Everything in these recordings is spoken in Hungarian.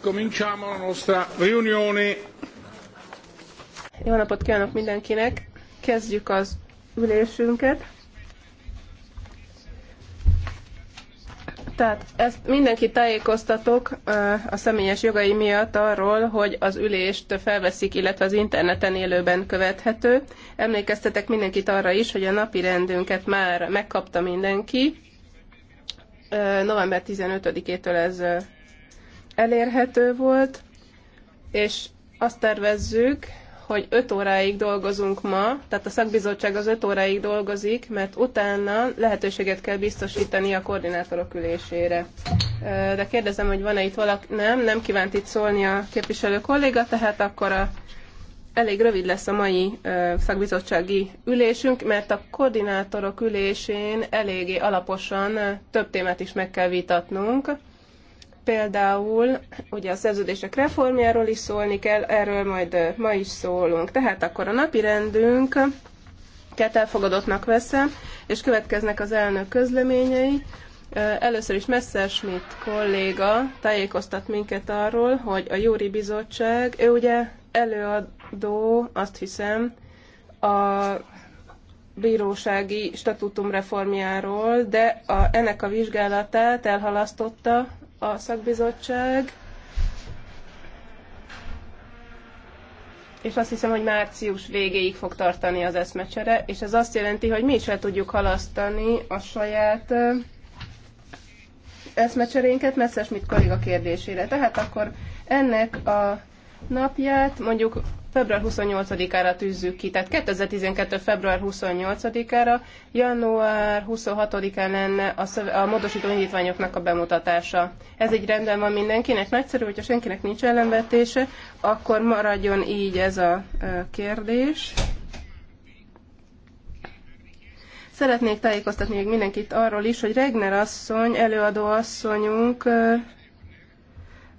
Cominciamo la nostra riunione. Jó napot kívánok mindenkinek! Kezdjük az ülésünket. Tehát ezt mindenki tájékoztatok a személyes jogai miatt arról, hogy az ülést felveszik, illetve az interneten élőben követhető. Emlékeztetek mindenkit arra is, hogy a napi rendünket már megkapta mindenki november 15-től ez elérhető volt, és azt tervezzük, hogy 5 óráig dolgozunk ma, tehát a szakbizottság az 5 óráig dolgozik, mert utána lehetőséget kell biztosítani a koordinátorok ülésére. De kérdezem, hogy van-e itt valaki? Nem, nem kívánt itt szólni a képviselő kolléga, tehát akkor a elég rövid lesz a mai szakbizottsági ülésünk, mert a koordinátorok ülésén eléggé alaposan több témát is meg kell vitatnunk. Például ugye a szerződések reformjáról is szólni kell, erről majd ma is szólunk. Tehát akkor a napi rendünk két elfogadottnak veszem, és következnek az elnök közleményei. Először is Messerschmidt kolléga tájékoztat minket arról, hogy a Júri Bizottság, ő ugye előad, előadó, azt hiszem, a bírósági statutum reformjáról, de a, ennek a vizsgálatát elhalasztotta a szakbizottság, és azt hiszem, hogy március végéig fog tartani az eszmecsere, és ez azt jelenti, hogy mi is el tudjuk halasztani a saját eszmecserénket mit kolléga kérdésére. Tehát akkor ennek a napját mondjuk február 28-ára tűzzük ki. Tehát 2012. február 28-ára, január 26-án lenne a, szöve, a módosító indítványoknak a bemutatása. Ez egy rendben van mindenkinek. Nagyszerű, hogyha senkinek nincs ellenvetése, akkor maradjon így ez a kérdés. Szeretnék tájékoztatni még mindenkit arról is, hogy Regner asszony, előadó asszonyunk ö,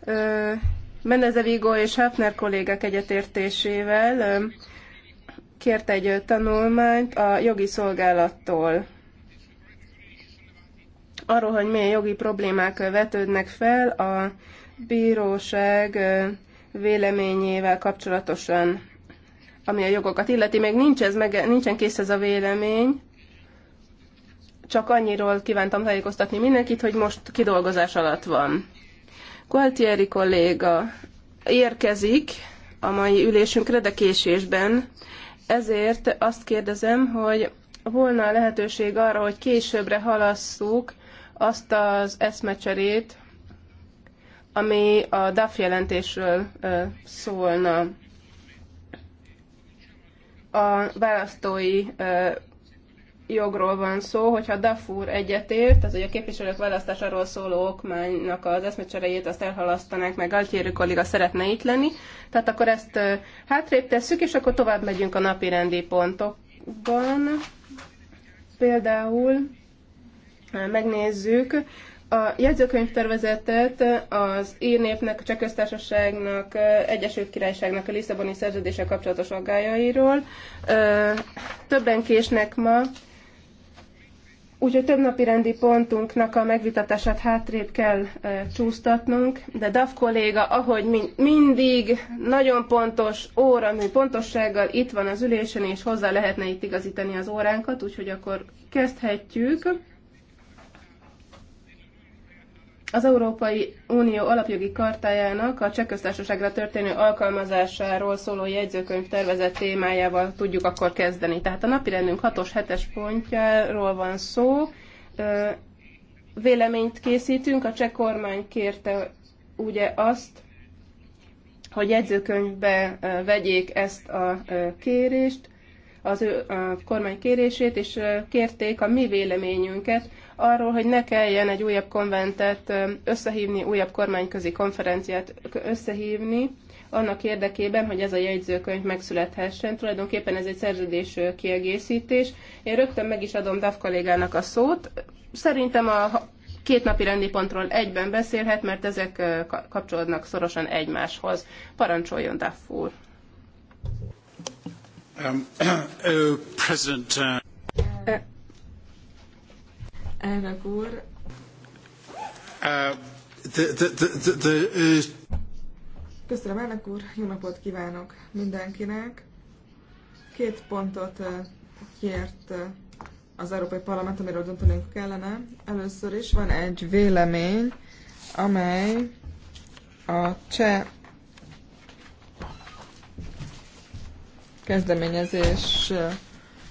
ö, Mendeze Vigo és Hafner kollégák egyetértésével kért egy tanulmányt a jogi szolgálattól arról, hogy milyen jogi problémák vetődnek fel a bíróság véleményével kapcsolatosan, ami a jogokat illeti. Még nincs ez, meg, nincsen kész ez a vélemény, csak annyiról kívántam tájékoztatni mindenkit, hogy most kidolgozás alatt van. Gualtieri kolléga érkezik a mai ülésünkre, de késésben. Ezért azt kérdezem, hogy volna lehetőség arra, hogy későbbre halasszuk azt az eszmecserét, ami a DAF jelentésről szólna. A választói jogról van szó, hogyha Dafur egyetért, tehát hogy a képviselők választásáról szóló okmánynak az eszmecserejét azt elhalasztanák, meg Altieri kolléga szeretne itt lenni, tehát akkor ezt hátrébb tesszük, és akkor tovább megyünk a napi rendi pontokban. Például megnézzük, a jegyzőkönyvtervezetet az írnépnek, a Cseh Egyesült Királyságnak a Lisszaboni szerződése kapcsolatos aggájairól. Többen késnek ma, Úgyhogy több napi rendi pontunknak a megvitatását hátrébb kell e, csúsztatnunk, de DAF kolléga, ahogy mindig, nagyon pontos, óramű pontossággal itt van az ülésen, és hozzá lehetne itt igazítani az óránkat, úgyhogy akkor kezdhetjük. Az Európai Unió alapjogi kartájának a Csehköztársaságra történő alkalmazásáról szóló jegyzőkönyv tervezett témájával tudjuk akkor kezdeni. Tehát a napirendünk 6-os, 7-es pontjáról van szó. Véleményt készítünk, a cseh kormány kérte ugye azt, hogy jegyzőkönyvbe vegyék ezt a kérést, az ő a kormány kérését, és kérték a mi véleményünket, arról, hogy ne kelljen egy újabb konventet összehívni, újabb kormányközi konferenciát összehívni, annak érdekében, hogy ez a jegyzőkönyv megszülethessen. Tulajdonképpen ez egy szerződés kiegészítés. Én rögtön meg is adom DAF kollégának a szót. Szerintem a két napi rendi pontról egyben beszélhet, mert ezek kapcsolódnak szorosan egymáshoz. Parancsoljon DAF úr! Um, uh, president, uh... Elnök úr. Köszönöm, elnök úr. Jó napot kívánok mindenkinek. Két pontot kért az Európai Parlament, amiről döntenünk kellene. Először is van egy vélemény, amely a cseh kezdeményezés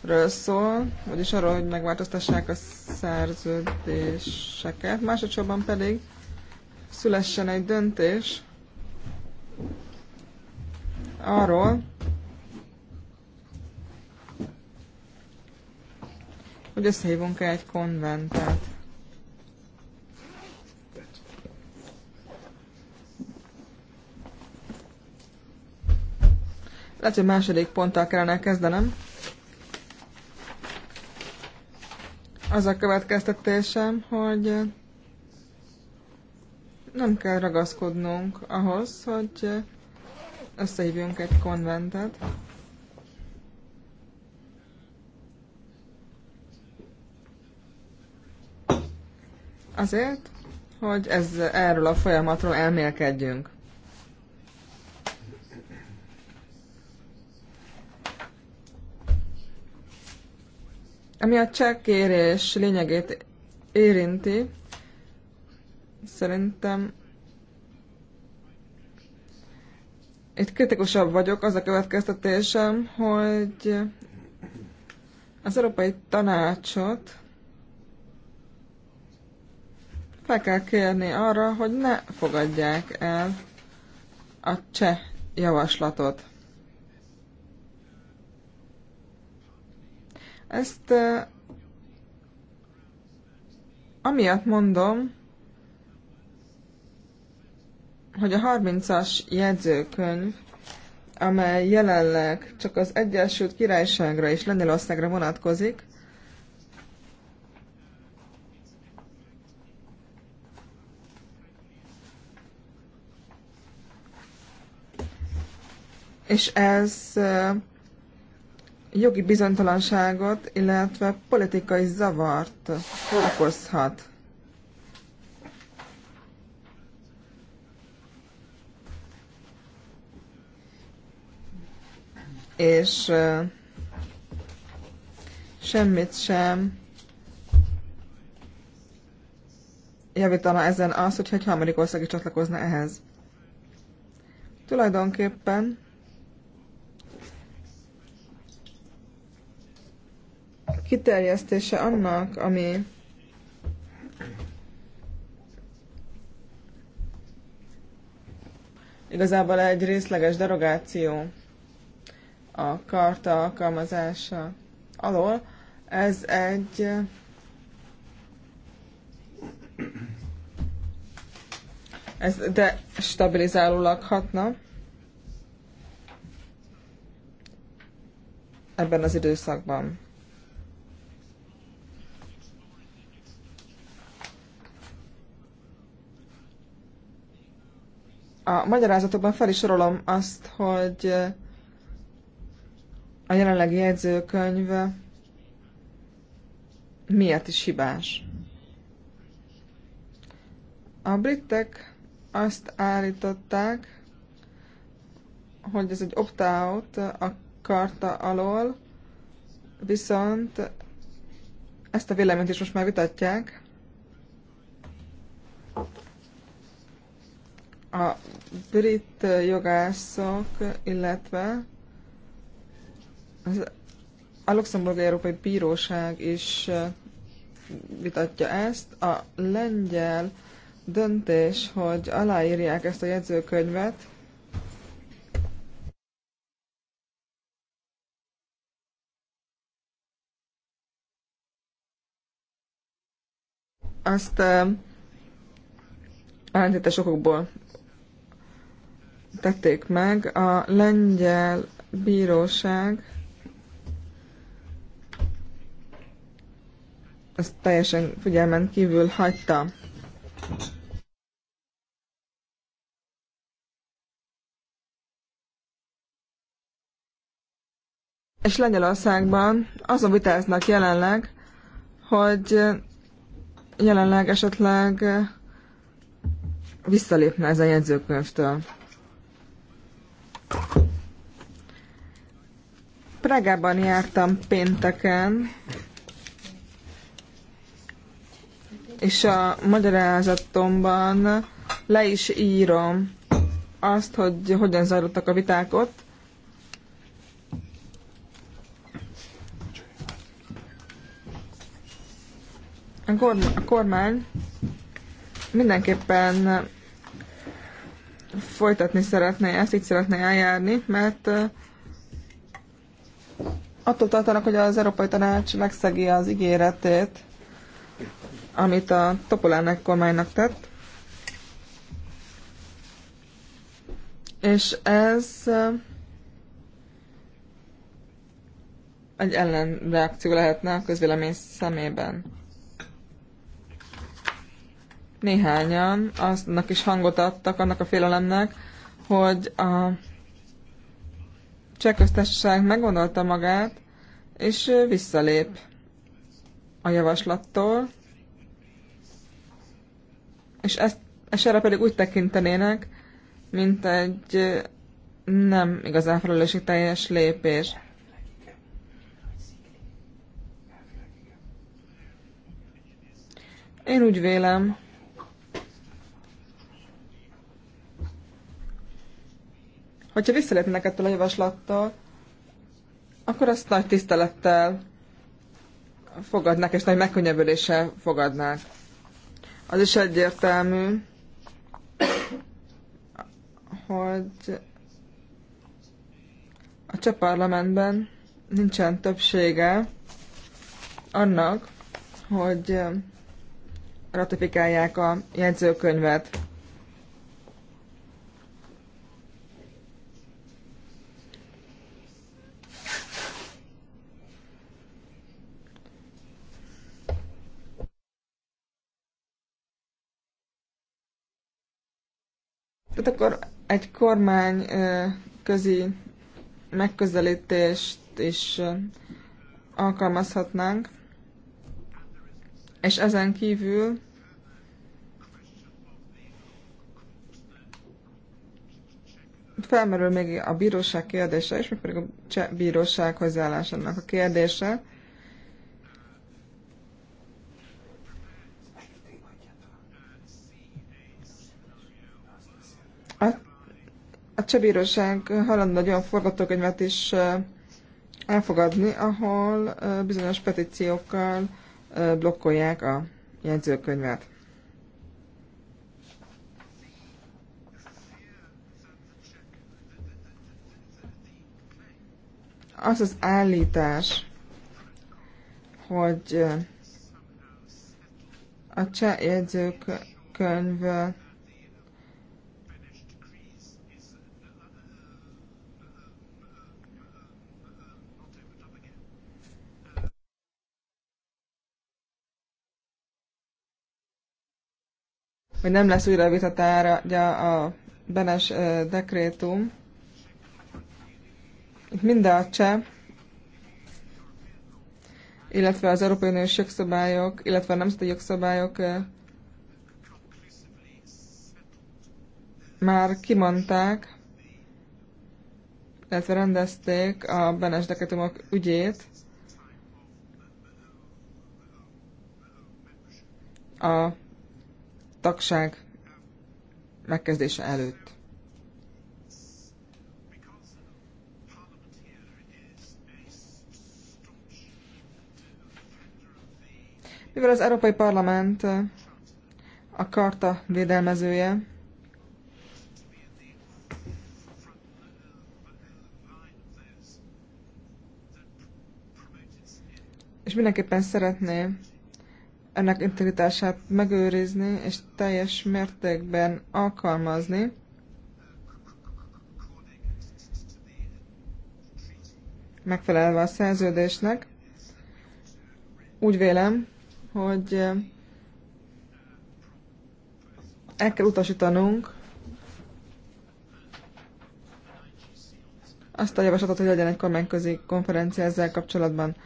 ről szól, vagyis arról, hogy megváltoztassák a szerződéseket. Másodszorban pedig szülessen egy döntés arról, hogy összehívunk-e egy konventet. Lehet, hogy második ponttal kellene kezdenem. az a következtetésem, hogy nem kell ragaszkodnunk ahhoz, hogy összehívjunk egy konventet. Azért, hogy ez, erről a folyamatról elmélkedjünk. Ami a csekkérés lényegét érinti, szerintem itt kritikusabb vagyok, az a következtetésem, hogy az Európai Tanácsot fel kell kérni arra, hogy ne fogadják el a cseh javaslatot. Ezt amiatt mondom, hogy a 30-as jegyzőkönyv, amely jelenleg csak az Egyesült Királyságra és Lengyelországra vonatkozik, és ez jogi bizonytalanságot, illetve politikai zavart okozhat. És uh, semmit sem javítana ezen az, hogyha egy harmadik ország is csatlakozna ehhez. Tulajdonképpen kiterjesztése annak, ami igazából egy részleges derogáció a karta alkalmazása alól. Ez egy ez de stabilizálólag hatna ebben az időszakban. a magyarázatokban fel is sorolom azt, hogy a jelenlegi jegyzőkönyv miért is hibás. A britek azt állították, hogy ez egy opt-out a karta alól, viszont ezt a véleményt is most már vitatják a brit jogászok, illetve az, a Luxemburgi Európai Bíróság is vitatja ezt. A lengyel döntés, hogy aláírják ezt a jegyzőkönyvet, azt ellentétes okokból tették meg. A lengyel bíróság ezt teljesen figyelmen kívül hagyta. És Lengyelországban azon vitáznak jelenleg, hogy jelenleg esetleg visszalépne ez a jegyzőkönyvtől. Prágában jártam pénteken, és a magyarázatomban le is írom azt, hogy hogyan zajlottak a viták ott. A kormány mindenképpen folytatni szeretné ezt, így szeretné eljárni, mert attól tartanak, hogy az Európai Tanács megszegi az ígéretét, amit a Topolánek kormánynak tett. És ez egy ellenreakció lehetne a közvélemény szemében néhányan aznak is hangot adtak, annak a félelemnek, hogy a cseh köztársaság meggondolta magát, és visszalép a javaslattól, és, ezt, és erre pedig úgy tekintenének, mint egy nem igazán teljes lépés. Én úgy vélem, Hogyha visszalépnek ettől a javaslattól, akkor azt nagy tisztelettel fogadnák, és nagy megkönnyebbüléssel fogadnák. Az is egyértelmű, hogy a cseh parlamentben nincsen többsége annak, hogy ratifikálják a jegyzőkönyvet. egy kormány közi megközelítést is alkalmazhatnánk, és ezen kívül felmerül még a bíróság kérdése, és még pedig a cseh bíróság hozzáállásának a kérdése. A a Csebíróság hajlandó egy olyan forgatókönyvet is elfogadni, ahol bizonyos petíciókkal blokkolják a jegyzőkönyvet. Az az állítás, hogy a cseh jegyzőkönyvet hogy nem lesz újra vitatára a Benes dekrétum. Itt mind a cseh, illetve az Európai Uniós jogszabályok, illetve a nemzeti jogszabályok már kimondták, illetve rendezték a Benes dekrétumok ügyét, a tagság megkezdése előtt. Mivel az Európai Parlament a karta védelmezője, és mindenképpen szeretné ennek integritását megőrizni és teljes mértékben alkalmazni. megfelelve a szerződésnek. Úgy vélem, hogy el kell utasítanunk azt a javaslatot, hogy legyen egy kormányközi konferencia ezzel kapcsolatban.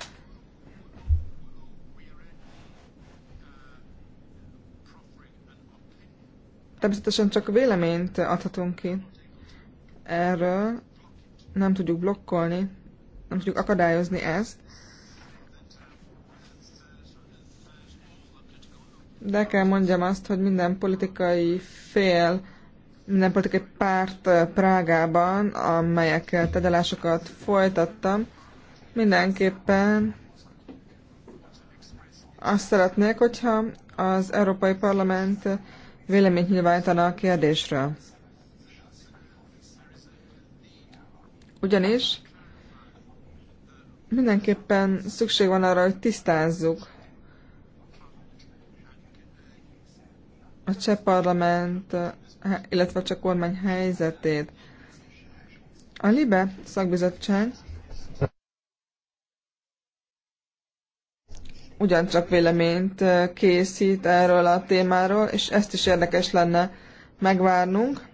Természetesen csak véleményt adhatunk ki erről, nem tudjuk blokkolni, nem tudjuk akadályozni ezt. De kell mondjam azt, hogy minden politikai fél, minden politikai párt Prágában, amelyekkel tedelásokat folytattam, mindenképpen azt szeretnék, hogyha az Európai Parlament véleményt nyilvánítana a kérdésről. Ugyanis mindenképpen szükség van arra, hogy tisztázzuk a cseh parlament, illetve a cseh kormány helyzetét. A LIBE szakbizottság ugyancsak véleményt készít erről a témáról, és ezt is érdekes lenne megvárnunk,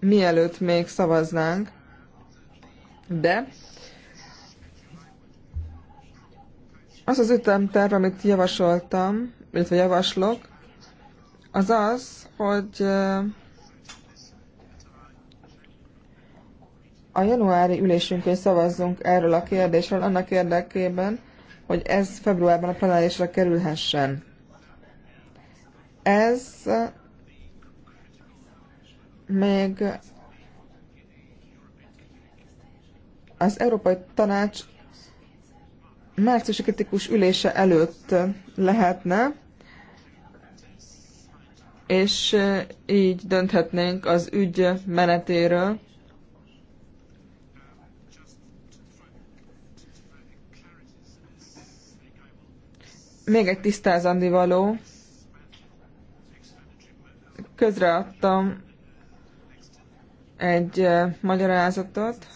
mielőtt még szavaznánk. De az az ütemterv, amit javasoltam, illetve javaslok, az az, hogy a januári ülésünkön szavazzunk erről a kérdésről annak érdekében, hogy ez februárban a plenárisra kerülhessen. Ez még az Európai Tanács márciusi kritikus ülése előtt lehetne, és így dönthetnénk az ügy menetéről, Még egy tisztázandi való. Közreadtam egy uh, magyarázatot.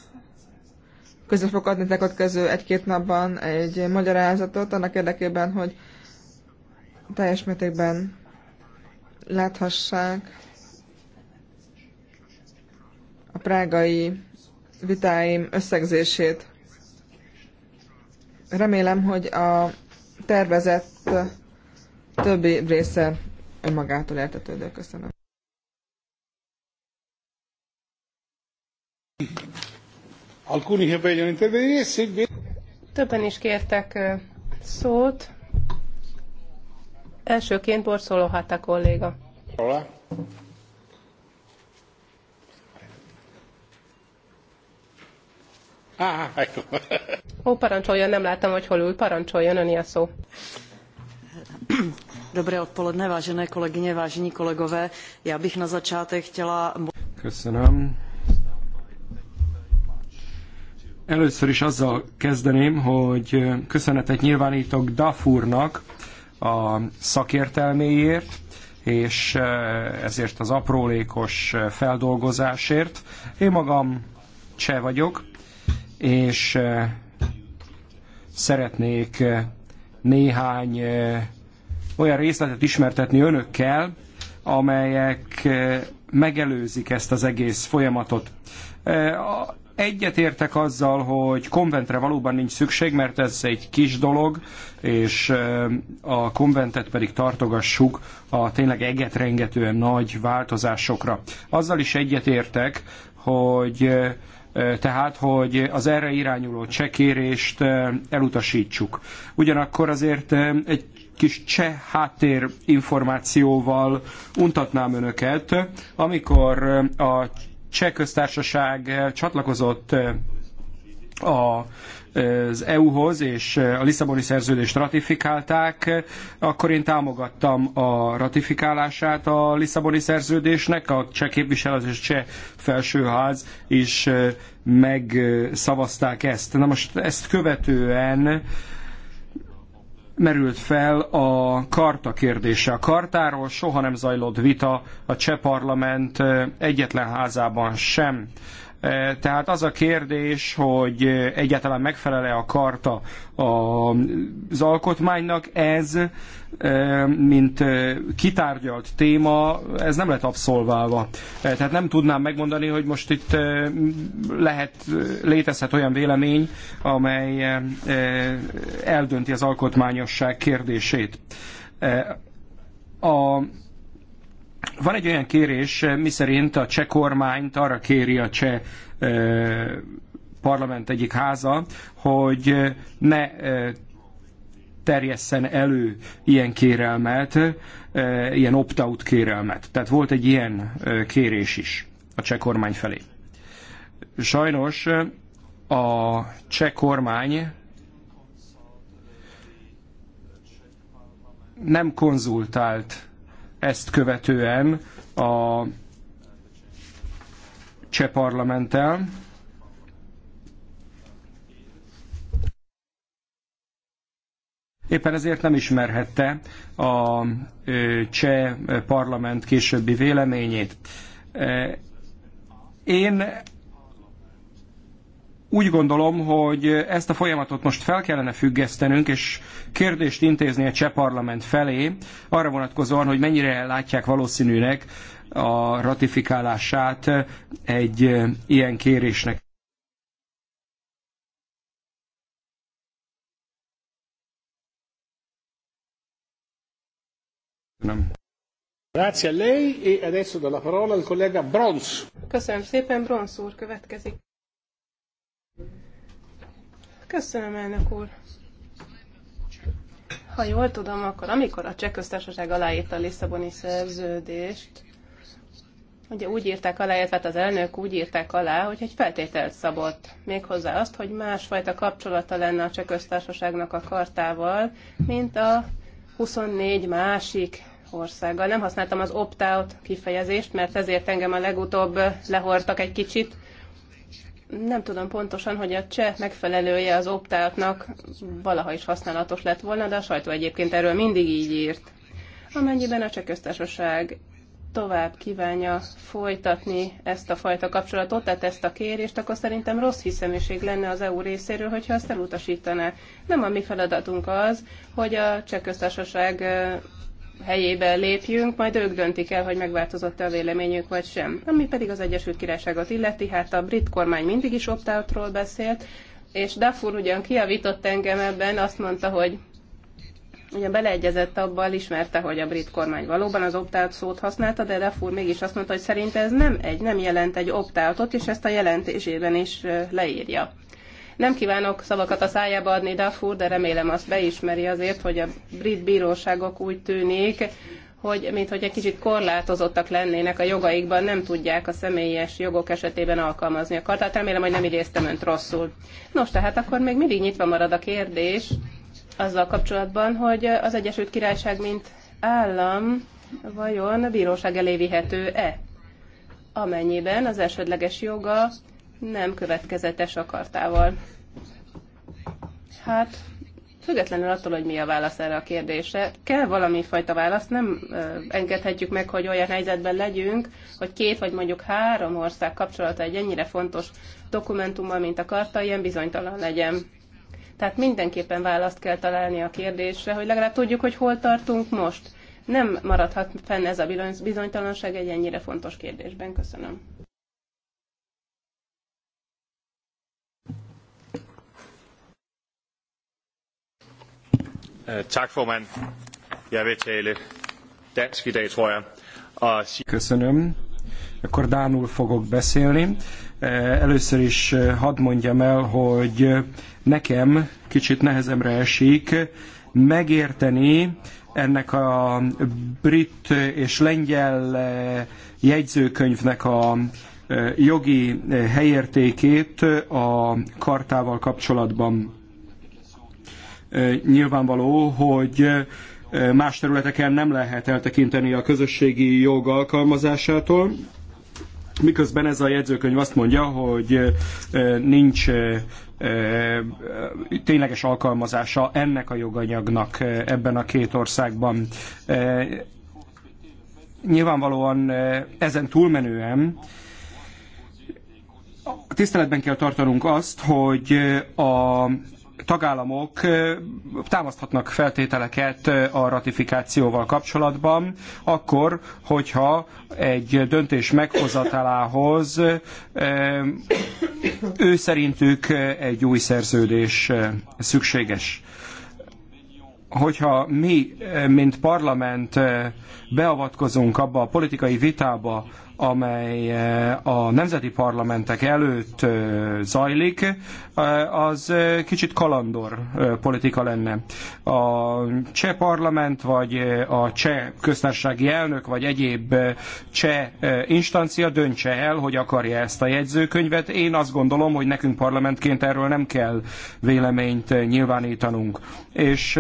Közre fog adni közül egy-két napban egy magyarázatot, annak érdekében, hogy teljes mértékben láthassák a prágai vitáim összegzését. Remélem, hogy a tervezett többi része önmagától értetődő. Köszönöm. Többen is kértek szót. Elsőként Borszoló Hata kolléga. Hola. Á, Ó, parancsoljon, nem láttam, hogy hol ül. Parancsoljon, öni a szó. Dobré odpoledne, vážené kolegyně, vážení kolegové. Já bych na začátek chtěla... Köszönöm. Először is azzal kezdeném, hogy köszönetet nyilvánítok Dafurnak a szakértelméért, és eh, ezért az aprólékos eh, feldolgozásért. Én magam cseh vagyok, és eh, szeretnék eh, néhány eh, olyan részletet ismertetni önökkel, amelyek megelőzik ezt az egész folyamatot. Egyetértek azzal, hogy konventre valóban nincs szükség, mert ez egy kis dolog, és a konventet pedig tartogassuk a tényleg egetrengetően nagy változásokra. Azzal is egyetértek, hogy tehát, hogy az erre irányuló csekérést elutasítsuk. Ugyanakkor azért egy kis cseh háttér információval untatnám önöket, amikor a cseh köztársaság csatlakozott a az EU-hoz és a Lisszaboni szerződést ratifikálták, akkor én támogattam a ratifikálását a Lisszaboni szerződésnek, a cseh képviselet és cseh felsőház is megszavazták ezt. Na most ezt követően merült fel a karta kérdése. A kartáról soha nem zajlott vita a cseh parlament egyetlen házában sem. E, tehát az a kérdés, hogy egyáltalán megfelele a karta az alkotmánynak, ez, e, mint e, kitárgyalt téma, ez nem lett abszolválva. Tehát nem tudnám megmondani, hogy most itt lehet, létezhet olyan vélemény, amely eldönti az alkotmányosság kérdését. A van egy olyan kérés, eh, miszerint a cseh kormányt arra kéri a cseh eh, parlament egyik háza, hogy eh, ne terjesszen elő ilyen kérelmet, ilyen opt-out kérelmet. Tehát volt egy ilyen kérés is a cseh kormány felé. Sajnos a cseh kormány nem konzultált ezt követően a cseh parlamenttel, Éppen ezért nem ismerhette a cseh parlament későbbi véleményét. Én úgy gondolom, hogy ezt a folyamatot most fel kellene függesztenünk, és kérdést intézni a cseh parlament felé, arra vonatkozóan, hogy mennyire látják valószínűnek a ratifikálását egy ilyen kérésnek. Nem. Grazie a lei e adesso do la parola al collega Brons. Köszönöm szépen, Brons úr következik. Köszönöm, elnök úr. Ha jól tudom, akkor amikor a cseh köztársaság aláírta a Lisszaboni szerződést, ugye úgy írták alá, illetve hát az elnök úgy írták alá, hogy egy feltételt szabott. Méghozzá azt, hogy másfajta kapcsolata lenne a cseh köztársaságnak a kartával, mint a 24 másik országgal. Nem használtam az opt-out kifejezést, mert ezért engem a legutóbb lehortak egy kicsit, nem tudom pontosan, hogy a cseh megfelelője az optáltnak valaha is használatos lett volna, de a sajtó egyébként erről mindig így írt. Amennyiben a cseh köztársaság tovább kívánja folytatni ezt a fajta kapcsolatot, tehát ezt a kérést, akkor szerintem rossz hiszeműség lenne az EU részéről, hogyha azt elutasítaná. Nem a mi feladatunk az, hogy a cseh köztársaság helyébe lépjünk, majd ők döntik el, hogy megváltozott-e a véleményük vagy sem. Ami pedig az Egyesült Királyságot illeti, hát a brit kormány mindig is optáutról beszélt, és Dafur ugyan kiavított engem ebben, azt mondta, hogy ugye beleegyezett abban, ismerte, hogy a brit kormány valóban az optált szót használta, de Dafur mégis azt mondta, hogy szerinte ez nem egy, nem jelent egy optáltot, és ezt a jelentésében is leírja. Nem kívánok szavakat a szájába adni Dafur, de remélem azt beismeri azért, hogy a brit bíróságok úgy tűnik, hogy mint hogy egy kicsit korlátozottak lennének a jogaikban, nem tudják a személyes jogok esetében alkalmazni a kartát. Remélem, hogy nem idéztem önt rosszul. Nos, tehát akkor még mindig nyitva marad a kérdés azzal kapcsolatban, hogy az Egyesült Királyság mint állam vajon bíróság elé vihető-e? Amennyiben az elsődleges joga nem következetes akartával. Hát, függetlenül attól, hogy mi a válasz erre a kérdésre, kell valami fajta válasz, nem engedhetjük meg, hogy olyan helyzetben legyünk, hogy két vagy mondjuk három ország kapcsolata egy ennyire fontos dokumentummal, mint a karta, ilyen bizonytalan legyen. Tehát mindenképpen választ kell találni a kérdésre, hogy legalább tudjuk, hogy hol tartunk most. Nem maradhat fenn ez a bizonytalanság egy ennyire fontos kérdésben. Köszönöm. Eh, tak, formand. Jeg vil tale dansk i dag, tror jeg. Og... Köszönöm. Akkor Dánul fogok beszélni. Eh, először is eh, hadd mondjam el, hogy nekem kicsit nehezemre esik megérteni ennek a brit és lengyel jegyzőkönyvnek a jogi helyértékét a kartával kapcsolatban. Nyilvánvaló, hogy más területeken nem lehet eltekinteni a közösségi jog alkalmazásától, miközben ez a jegyzőkönyv azt mondja, hogy nincs tényleges alkalmazása ennek a joganyagnak ebben a két országban. Nyilvánvalóan ezen túlmenően tiszteletben kell tartanunk azt, hogy a tagállamok támaszthatnak feltételeket a ratifikációval kapcsolatban, akkor, hogyha egy döntés meghozatalához ő szerintük egy új szerződés szükséges hogyha mi, mint parlament beavatkozunk abba a politikai vitába, amely eh, a nemzeti parlamentek előtt eh, zajlik, eh, az kicsit kalandor politika lenne. A cseh parlament, vagy a cseh köztársasági elnök, vagy egyéb cseh instancia döntse el, hogy akarja ezt a jegyzőkönyvet. Én azt gondolom, hogy nekünk parlamentként erről nem kell véleményt nyilvánítanunk. És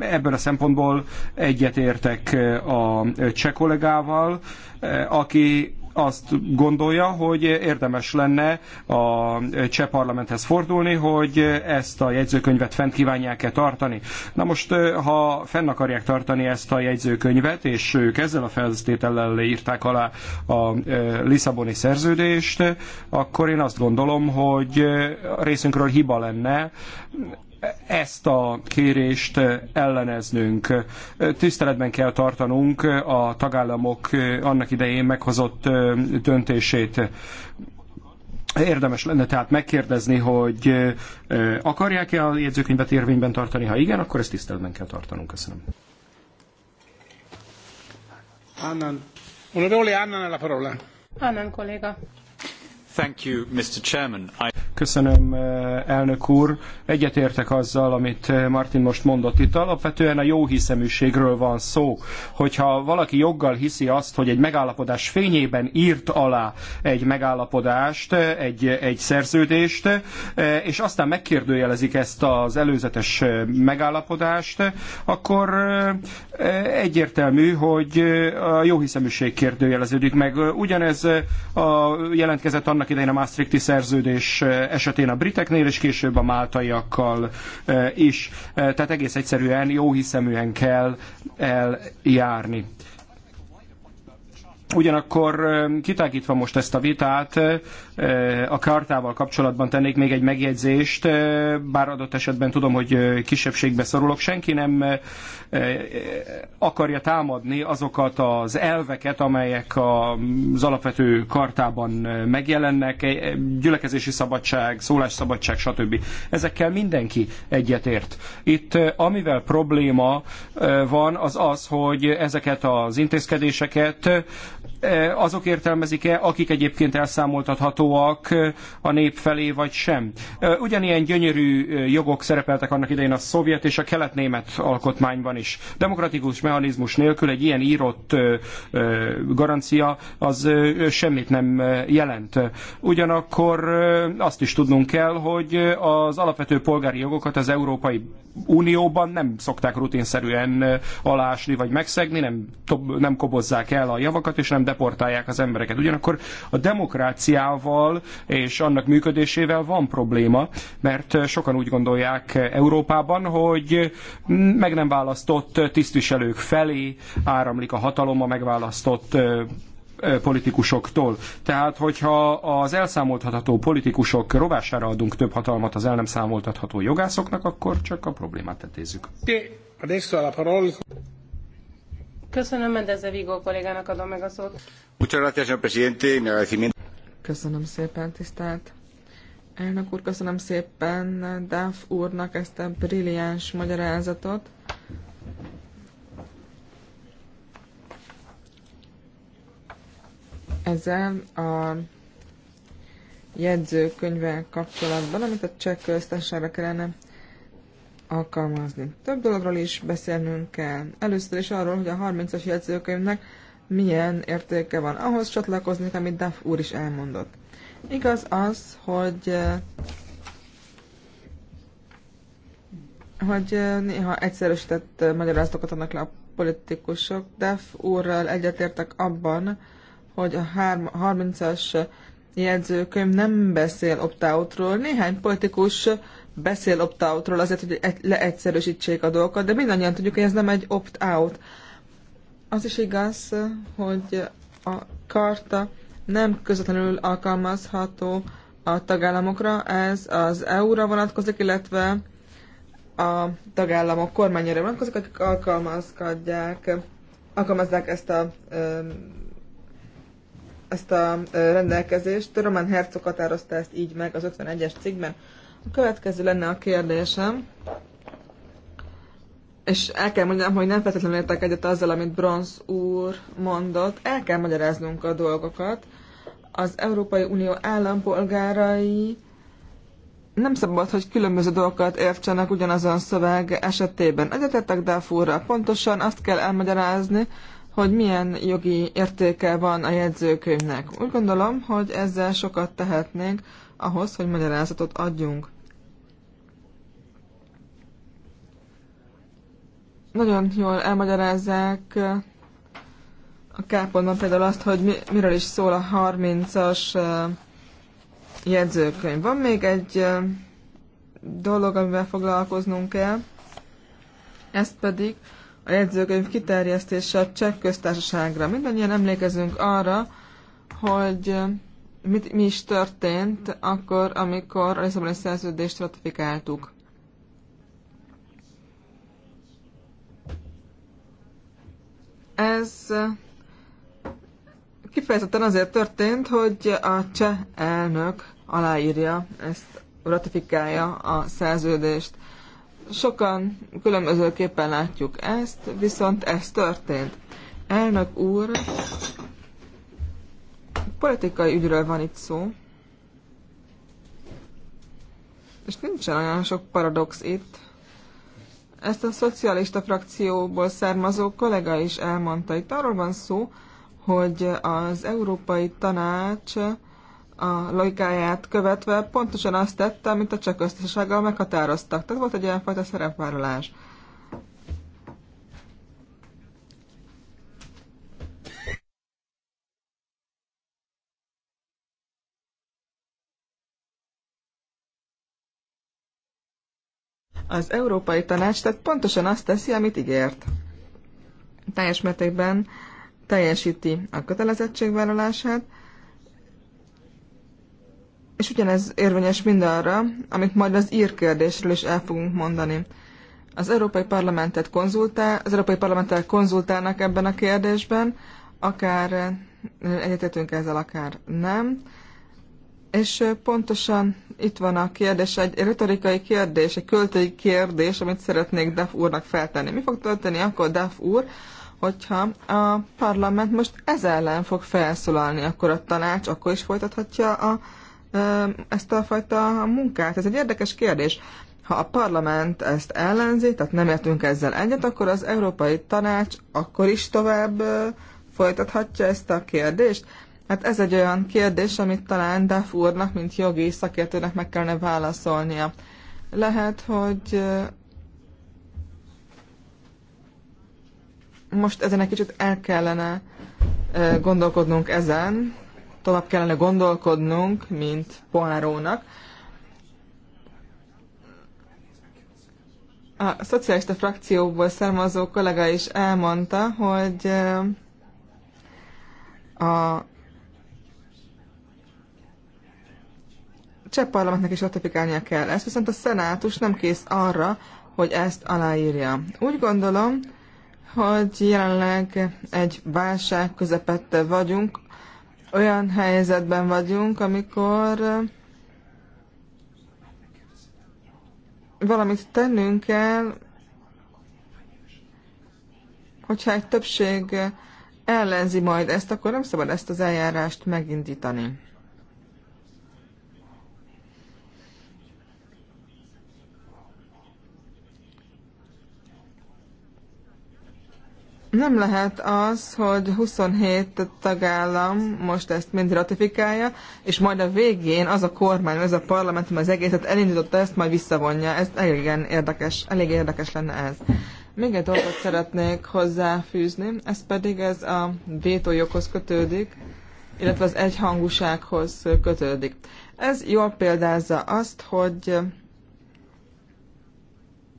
ebből a szempontból egyetértek a cseh kollégával, aki azt gondolja, hogy érdemes lenne a cseh parlamenthez fordulni, hogy ezt a jegyzőkönyvet fent kívánják-e tartani. Na most, ha fenn akarják tartani ezt a jegyzőkönyvet, és ők ezzel a feltétellel írták alá a Lisszaboni szerződést, akkor én azt gondolom, hogy részünkről hiba lenne ezt a kérést elleneznünk. Tiszteletben kell tartanunk a tagállamok annak idején meghozott döntését. Érdemes lenne tehát megkérdezni, hogy akarják-e a jegyzőkönyvet érvényben tartani? Ha igen, akkor ezt tiszteletben kell tartanunk. Köszönöm. Annan. Onorevole Annan a parola. Annan kolléga. Thank you, Mr. Chairman. I... Köszönöm, eh, elnök úr. Egyetértek azzal, amit eh, Martin most mondott itt. Alapvetően a jó hiszeműségről van szó. Hogyha valaki joggal hiszi azt, hogy egy megállapodás fényében írt alá egy megállapodást, eh, egy, egy szerződést, és aztán megkérdőjelezik ezt az előzetes megállapodást, akkor egyértelmű, hogy a jó hiszeműség kérdőjeleződik meg. Ugyanez a jelentkezett annak idején a Maastrichti szerződés esetén a briteknél, és később a máltaiakkal e, is. E, tehát egész egyszerűen jóhiszeműen kell eljárni. Ugyanakkor kitágítva most ezt a vitát, a kartával kapcsolatban tennék még egy megjegyzést, bár adott esetben tudom, hogy kisebbségbe szorulok. Senki nem akarja támadni azokat az elveket, amelyek az alapvető kartában megjelennek, gyülekezési szabadság, szólásszabadság, stb. Ezekkel mindenki egyetért. Itt amivel probléma van, az az, hogy ezeket az intézkedéseket azok értelmezik-e, akik egyébként elszámoltathatóak a nép felé, vagy sem. Ugyanilyen gyönyörű jogok szerepeltek annak idején a szovjet és a kelet-német alkotmányban is. Demokratikus mechanizmus nélkül egy ilyen írott garancia az semmit nem jelent. Ugyanakkor azt is tudnunk kell, hogy az alapvető polgári jogokat az Európai Unióban nem szokták rutinszerűen alásni vagy megszegni, nem, nem kobozzák el a javakat, és nem deportálják az embereket. Ugyanakkor a demokráciával és annak működésével van probléma, mert sokan úgy gondolják Európában, hogy meg nem választott tisztviselők felé áramlik a hatalom a megválasztott politikusoktól. Tehát, hogyha az elszámoltatható politikusok rovására adunk több hatalmat az el nem számoltatható jogászoknak, akkor csak a problémát tetézzük. Köszönöm, Mendeze Vigó kollégának adom meg a szót. Köszönöm szépen, tisztelt elnök úr, köszönöm szépen Dáv úrnak ezt a brilliáns magyarázatot. Ezzel a jegyzőkönyvvel kapcsolatban, amit a cseh köztársaságra kellene alkalmazni. Több dologról is beszélnünk kell. Először is arról, hogy a 30-as jegyzőkönyvnek milyen értéke van. Ahhoz csatlakozni, amit Duff úr is elmondott. Igaz az, hogy hogy néha egyszerűsített magyarázatokat adnak le a politikusok. Def úrral egyetértek abban, hogy a 30-as jegyzőkönyv nem beszél opt-outról. Néhány politikus beszél opt-outról azért, hogy leegyszerűsítsék a dolgokat, de mindannyian tudjuk, hogy ez nem egy opt-out. Az is igaz, hogy a karta nem közvetlenül alkalmazható a tagállamokra, ez az EU-ra vonatkozik, illetve a tagállamok kormányára vonatkozik, akik alkalmazkodják, alkalmazzák ezt a ezt a rendelkezést. Roman Herzog határozta ezt így meg az 51-es cikkben következő lenne a kérdésem, és el kell mondjam, hogy nem feltétlenül értek egyet azzal, amit Bronz úr mondott. El kell magyaráznunk a dolgokat. Az Európai Unió állampolgárai nem szabad, hogy különböző dolgokat értsenek ugyanazon szöveg esetében. Egyetettek Dáfúrra. Pontosan azt kell elmagyarázni, hogy milyen jogi értéke van a jegyzőkönyvnek. Úgy gondolom, hogy ezzel sokat tehetnénk ahhoz, hogy magyarázatot adjunk. nagyon jól elmagyarázzák a Káponban például azt, hogy mi, miről is szól a 30-as jegyzőkönyv. Van még egy dolog, amivel foglalkoznunk kell, Ezt pedig a jegyzőkönyv kiterjesztése a cseh köztársaságra. Mindannyian emlékezünk arra, hogy mit, mi is történt akkor, amikor a Lisszaboni szerződést ratifikáltuk. Ez kifejezetten azért történt, hogy a cseh elnök aláírja, ezt ratifikálja a szerződést. Sokan különbözőképpen látjuk ezt, viszont ez történt. Elnök úr, politikai ügyről van itt szó, és nincsen olyan sok paradox itt, ezt a szocialista frakcióból származó kollega is elmondta. Itt arról van szó, hogy az Európai Tanács a logikáját követve pontosan azt tette, amit a csak meghatároztak. Tehát volt egy ilyenfajta szerepvállalás. Az Európai Tanács tehát pontosan azt teszi, amit ígért. Teljes mértékben teljesíti a kötelezettségvállalását, és ugyanez érvényes mindarra, amit majd az ír kérdésről is el fogunk mondani. Az Európai Parlamentet konzultál, az Európai parlamentet konzultálnak ebben a kérdésben, akár egyetértünk ezzel, akár nem. És pontosan itt van a kérdés, egy retorikai kérdés, egy költői kérdés, amit szeretnék Daf úrnak feltenni. Mi fog történni akkor Daf úr, hogyha a parlament most ez ellen fog felszólalni, akkor a tanács akkor is folytathatja a, ezt a fajta munkát? Ez egy érdekes kérdés. Ha a parlament ezt ellenzi, tehát nem értünk ezzel egyet, akkor az Európai Tanács akkor is tovább folytathatja ezt a kérdést. Hát ez egy olyan kérdés, amit talán Duff úrnak, mint jogi szakértőnek meg kellene válaszolnia. Lehet, hogy most ezen egy kicsit el kellene gondolkodnunk ezen, tovább kellene gondolkodnunk, mint Poirónak. A szocialista frakcióból származó kollega is elmondta, hogy a cseh parlamentnek is ratifikálnia kell ezt, viszont a szenátus nem kész arra, hogy ezt aláírja. Úgy gondolom, hogy jelenleg egy válság közepette vagyunk, olyan helyzetben vagyunk, amikor valamit tennünk kell, hogyha egy többség ellenzi majd ezt, akkor nem szabad ezt az eljárást megindítani. nem lehet az, hogy 27 tagállam most ezt mind ratifikálja, és majd a végén az a kormány, az a parlament, az egészet elindította ezt, majd visszavonja. Ez elégen érdekes, elég érdekes lenne ez. Még egy dolgot szeretnék hozzáfűzni, ez pedig ez a vétójoghoz kötődik, illetve az egyhangúsághoz kötődik. Ez jól példázza azt, hogy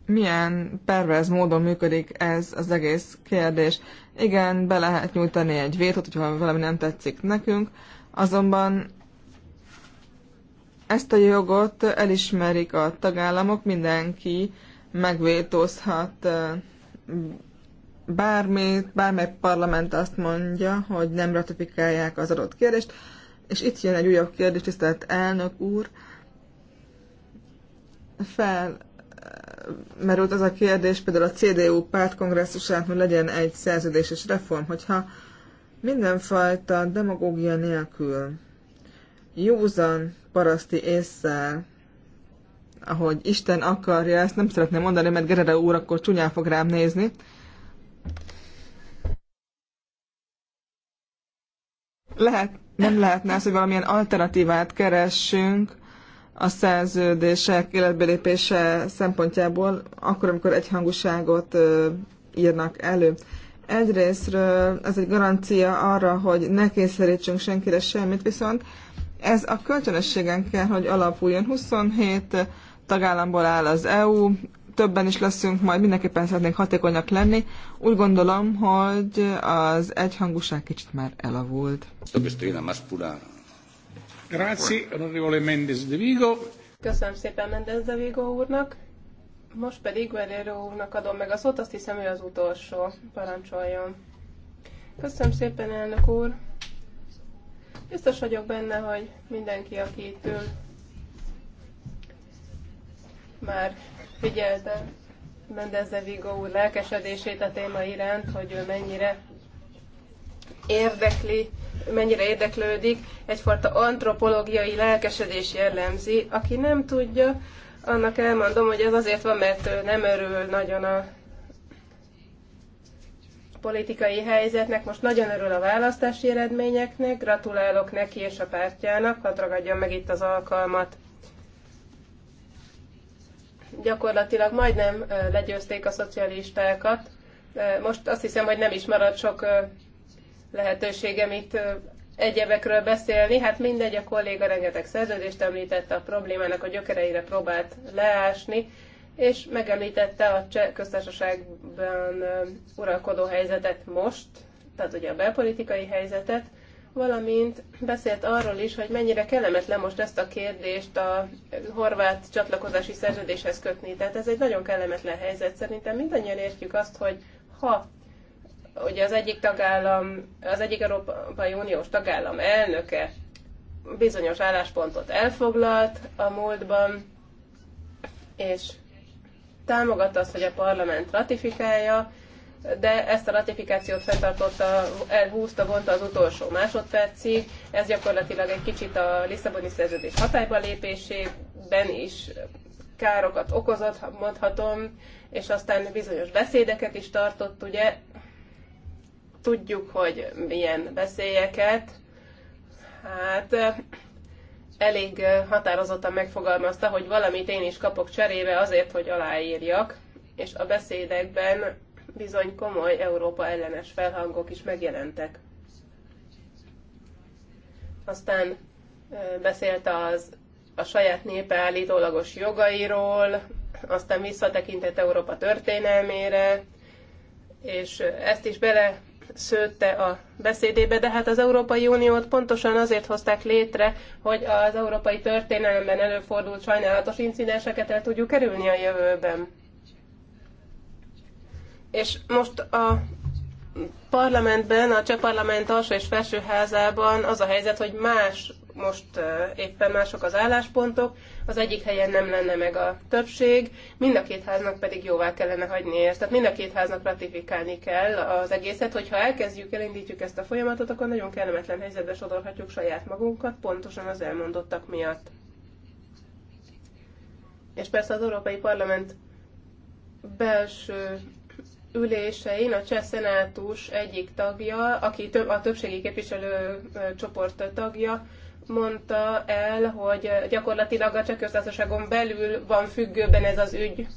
milyen pervez módon működik ez az egész kérdés. Igen, be lehet nyújtani egy vétot, hogyha valami nem tetszik nekünk, azonban ezt a jogot elismerik a tagállamok, mindenki megvétózhat bármit, bármely parlament azt mondja, hogy nem ratifikálják az adott kérdést, és itt jön egy újabb kérdés, tisztelt elnök úr, fel merült az a kérdés, például a CDU pártkongresszusán, hogy legyen egy szerződéses reform, hogyha mindenfajta demagógia nélkül, józan paraszti észre, ahogy Isten akarja, ezt nem szeretném mondani, mert Gerere úr akkor csúnyán fog rám nézni, lehet, nem lehetne az, hogy valamilyen alternatívát keressünk a szerződések életbelépése szempontjából, akkor, amikor egyhangúságot írnak elő. Egyrésztről ez egy garancia arra, hogy ne kényszerítsünk senkire semmit, viszont ez a kölcsönösségen kell, hogy alapuljon. 27 tagállamból áll az EU, többen is leszünk, majd mindenképpen szeretnénk hatékonyak lenni. Úgy gondolom, hogy az egyhangúság kicsit már elavult. Esto que más pura Köszönöm szépen Mendes de Vigo úrnak. Most pedig Guerrero úrnak adom meg a szót, azt hiszem ő az utolsó. Parancsoljon. Köszönöm szépen, elnök úr. Biztos vagyok benne, hogy mindenki, aki itt ül, már figyelte de Vigo úr lelkesedését a téma iránt, hogy ő mennyire érdekli mennyire érdeklődik, egyfajta antropológiai lelkesedés jellemzi. Aki nem tudja, annak elmondom, hogy ez azért van, mert ő nem örül nagyon a politikai helyzetnek, most nagyon örül a választási eredményeknek, gratulálok neki és a pártjának, hadd ragadjon meg itt az alkalmat. Gyakorlatilag majdnem legyőzték a szocialistákat, most azt hiszem, hogy nem is maradt sok lehetőségem itt egyebekről beszélni. Hát mindegy, a kolléga rengeteg szerződést említette, a problémának a gyökereire próbált leásni, és megemlítette a cseh köztársaságban uralkodó helyzetet most, tehát ugye a belpolitikai helyzetet, valamint beszélt arról is, hogy mennyire kellemetlen most ezt a kérdést a horvát csatlakozási szerződéshez kötni. Tehát ez egy nagyon kellemetlen helyzet. Szerintem mindannyian értjük azt, hogy ha hogy az egyik tagállam, az egyik Európai Uniós tagállam elnöke bizonyos álláspontot elfoglalt a múltban, és támogatta azt, hogy a parlament ratifikálja, de ezt a ratifikációt fenntartotta, elhúzta, vonta az utolsó másodpercig. Ez gyakorlatilag egy kicsit a Lisszaboni szerződés hatályba lépésében is károkat okozott, mondhatom, és aztán bizonyos beszédeket is tartott, ugye, tudjuk, hogy milyen veszélyeket. Hát elég határozottan megfogalmazta, hogy valamit én is kapok cserébe azért, hogy aláírjak, és a beszédekben bizony komoly Európa ellenes felhangok is megjelentek. Aztán beszélt az a saját népe állítólagos jogairól, aztán visszatekintett Európa történelmére, és ezt is bele szőtte a beszédébe, de hát az Európai Uniót pontosan azért hozták létre, hogy az európai történelemben előfordult sajnálatos incidenseket el tudjuk kerülni a jövőben. És most a parlamentben, a cseh parlament alsó és felsőházában az a helyzet, hogy más most éppen mások az álláspontok, az egyik helyen nem lenne meg a többség, mind a két háznak pedig jóvá kellene hagyni ezt. Tehát mind a két háznak ratifikálni kell az egészet, hogyha elkezdjük, elindítjuk ezt a folyamatot, akkor nagyon kellemetlen helyzetbe sodorhatjuk saját magunkat, pontosan az elmondottak miatt. És persze az Európai Parlament belső ülésein a cseh szenátus egyik tagja, aki több, a többségi képviselő csoport tagja, mondta el, hogy gyakorlatilag a Csehköztársaságon belül van függőben ez az ügy.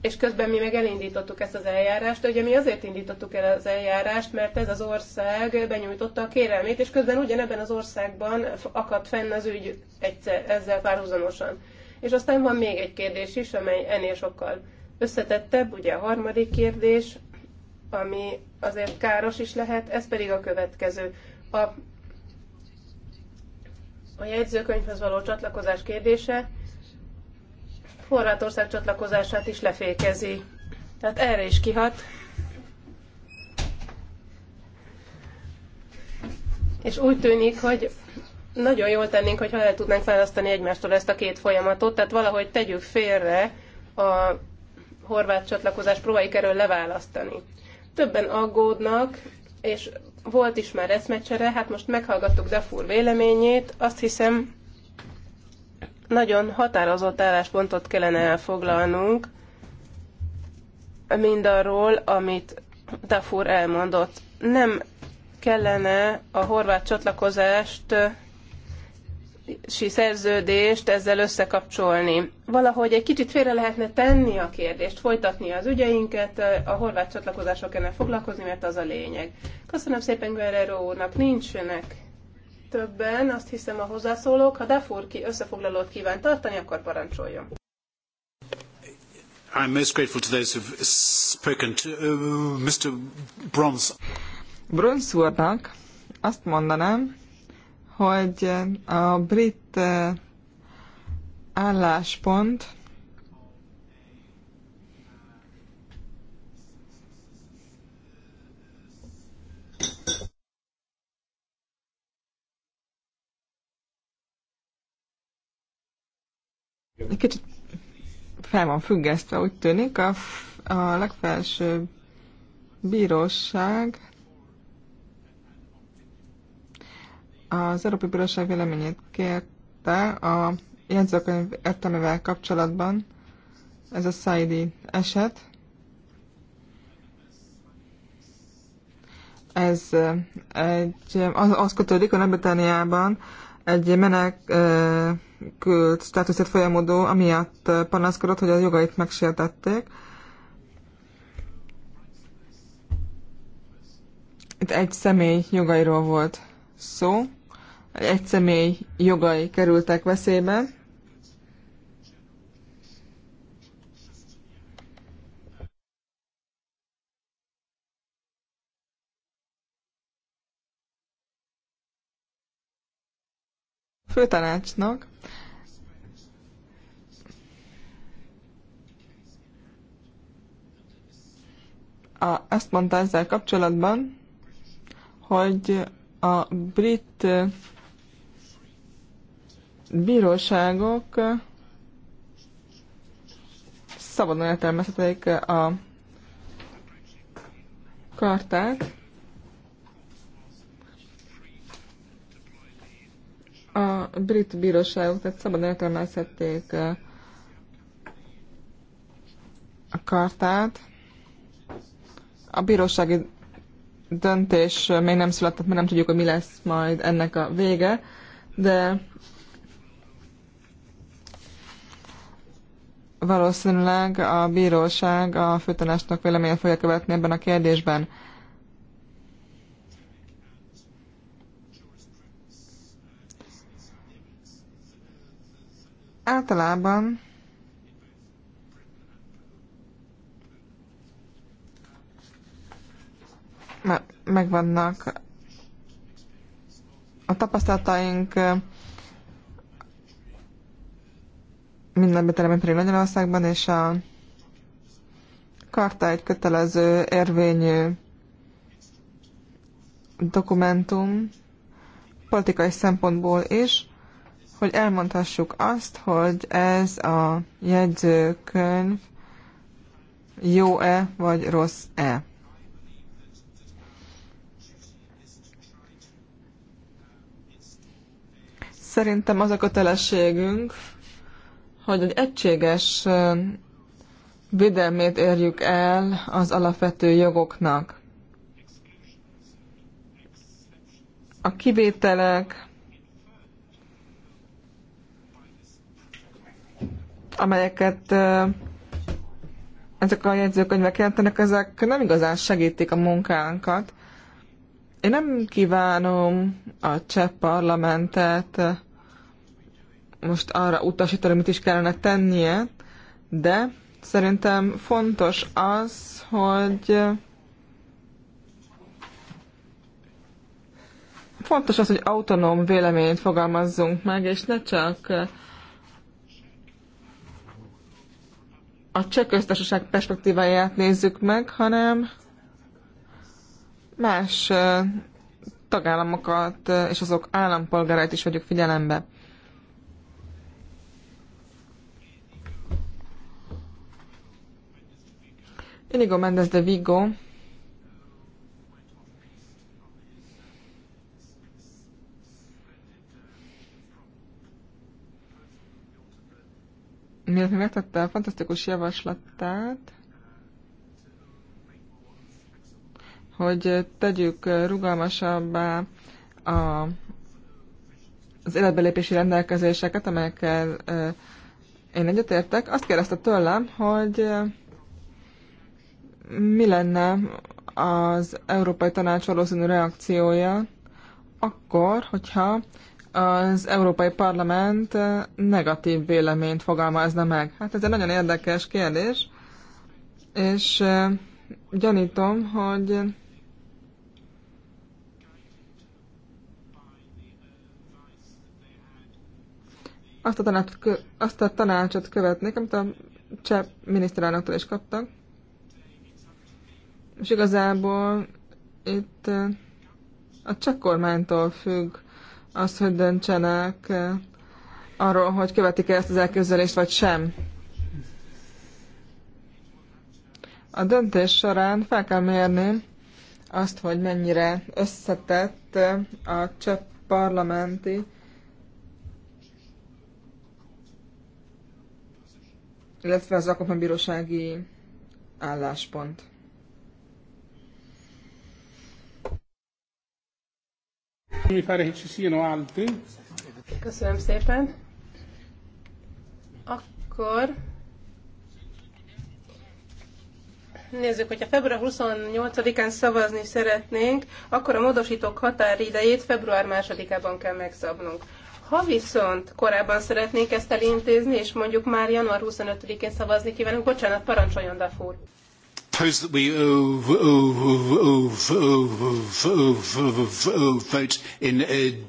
És közben mi meg elindítottuk ezt az eljárást. Ugye mi azért indítottuk el az eljárást, mert ez az ország benyújtotta a kérelmét, és közben ugyanebben az országban akadt fenn az ügy egyszer, ezzel párhuzamosan. És aztán van még egy kérdés is, amely ennél sokkal összetettebb, ugye a harmadik kérdés, ami azért káros is lehet, ez pedig a következő. A a jegyzőkönyvhöz való csatlakozás kérdése Horvátország csatlakozását is lefékezi. Tehát erre is kihat. És úgy tűnik, hogy nagyon jól tennénk, hogyha el tudnánk választani egymástól ezt a két folyamatot, tehát valahogy tegyük félre a horvát csatlakozást, próbáik erről leválasztani. Többen aggódnak, és volt is már eszmecsere, hát most meghallgattuk Dafur véleményét, azt hiszem nagyon határozott álláspontot kellene elfoglalnunk mindarról, amit Dafur elmondott. Nem kellene a horvát csatlakozást si szerződést ezzel összekapcsolni. Valahogy egy kicsit félre lehetne tenni a kérdést, folytatni az ügyeinket, a horvát csatlakozások kellene foglalkozni, mert az a lényeg. Köszönöm szépen Guerrero úrnak, nincsenek többen, azt hiszem a hozzászólók. Ha Dafur ki összefoglalót kíván tartani, akkor parancsoljon. I'm most grateful to those who've spoken to uh, Mr. Bronze. Bronze úrnak azt mondanám, hogy a brit eh, álláspont egy kicsit fel van függesztve, úgy tűnik, a, a legfelső bíróság Az Európai Bíróság véleményét kérte a jegyzőkönyv értelmével kapcsolatban, ez a Saidi eset. Ez egy, az, az kötődik, hogy Nagy-Britániában egy menekült státuszért folyamodó, amiatt panaszkodott, hogy a jogait megsértették. Itt egy személy jogairól volt szó egy személy jogai kerültek veszélybe. Főtanácsnak a, ezt mondta ezzel kapcsolatban, hogy a brit bíróságok szabadon értelmezhetik a kartát. A brit bíróságok tehát szabadon értelmezhették a kartát. A bírósági döntés még nem született, mert nem tudjuk, hogy mi lesz majd ennek a vége, de valószínűleg a bíróság a főtanásnak véleményét fogja követni ebben a kérdésben. Általában megvannak a tapasztalataink mindenben betelemben pedig Lengyelországban, és a karta egy kötelező érvényű dokumentum politikai szempontból is, hogy elmondhassuk azt, hogy ez a jegyzőkönyv jó-e vagy rossz-e. Szerintem az a kötelességünk, hogy egy egységes védelmét érjük el az alapvető jogoknak. A kivételek, amelyeket ezek a jegyzőkönyvek jelentenek, ezek nem igazán segítik a munkánkat. Én nem kívánom a cseh parlamentet most arra utasítani, mit is kellene tennie, de szerintem fontos az, hogy fontos az, hogy autonóm véleményt fogalmazzunk meg, és ne csak a cseh perspektíváját nézzük meg, hanem más tagállamokat és azok állampolgárait is vegyük figyelembe. Inigo Mendes de Vigo miért megtette a fantasztikus javaslatát, hogy tegyük rugalmasabbá a, az életbelépési rendelkezéseket, amelyekkel én egyetértek, azt kérdezte tőlem, hogy mi lenne az Európai Tanács valószínű reakciója akkor, hogyha az Európai Parlament negatív véleményt fogalmazna meg? Hát ez egy nagyon érdekes kérdés, és gyanítom, hogy azt a tanácsot, azt a tanácsot követnék, amit a cseh miniszterelnöktől is kaptak. És igazából itt eh, a cseh kormánytól függ az, hogy döntsenek eh, arról, hogy követik-e ezt az elképzelést, vagy sem. A döntés során fel kell mérni azt, hogy mennyire összetett eh, a csepp parlamenti illetve az alkotmánybírósági álláspont. Köszönöm szépen. Akkor nézzük, hogyha február 28-án szavazni szeretnénk, akkor a módosítók határidejét február 2-ában kell megszabnunk. Ha viszont korábban szeretnénk ezt elintézni, és mondjuk már január 25-én szavazni kívánunk, bocsánat, parancsoljon, Dafur propose that we vote in uh,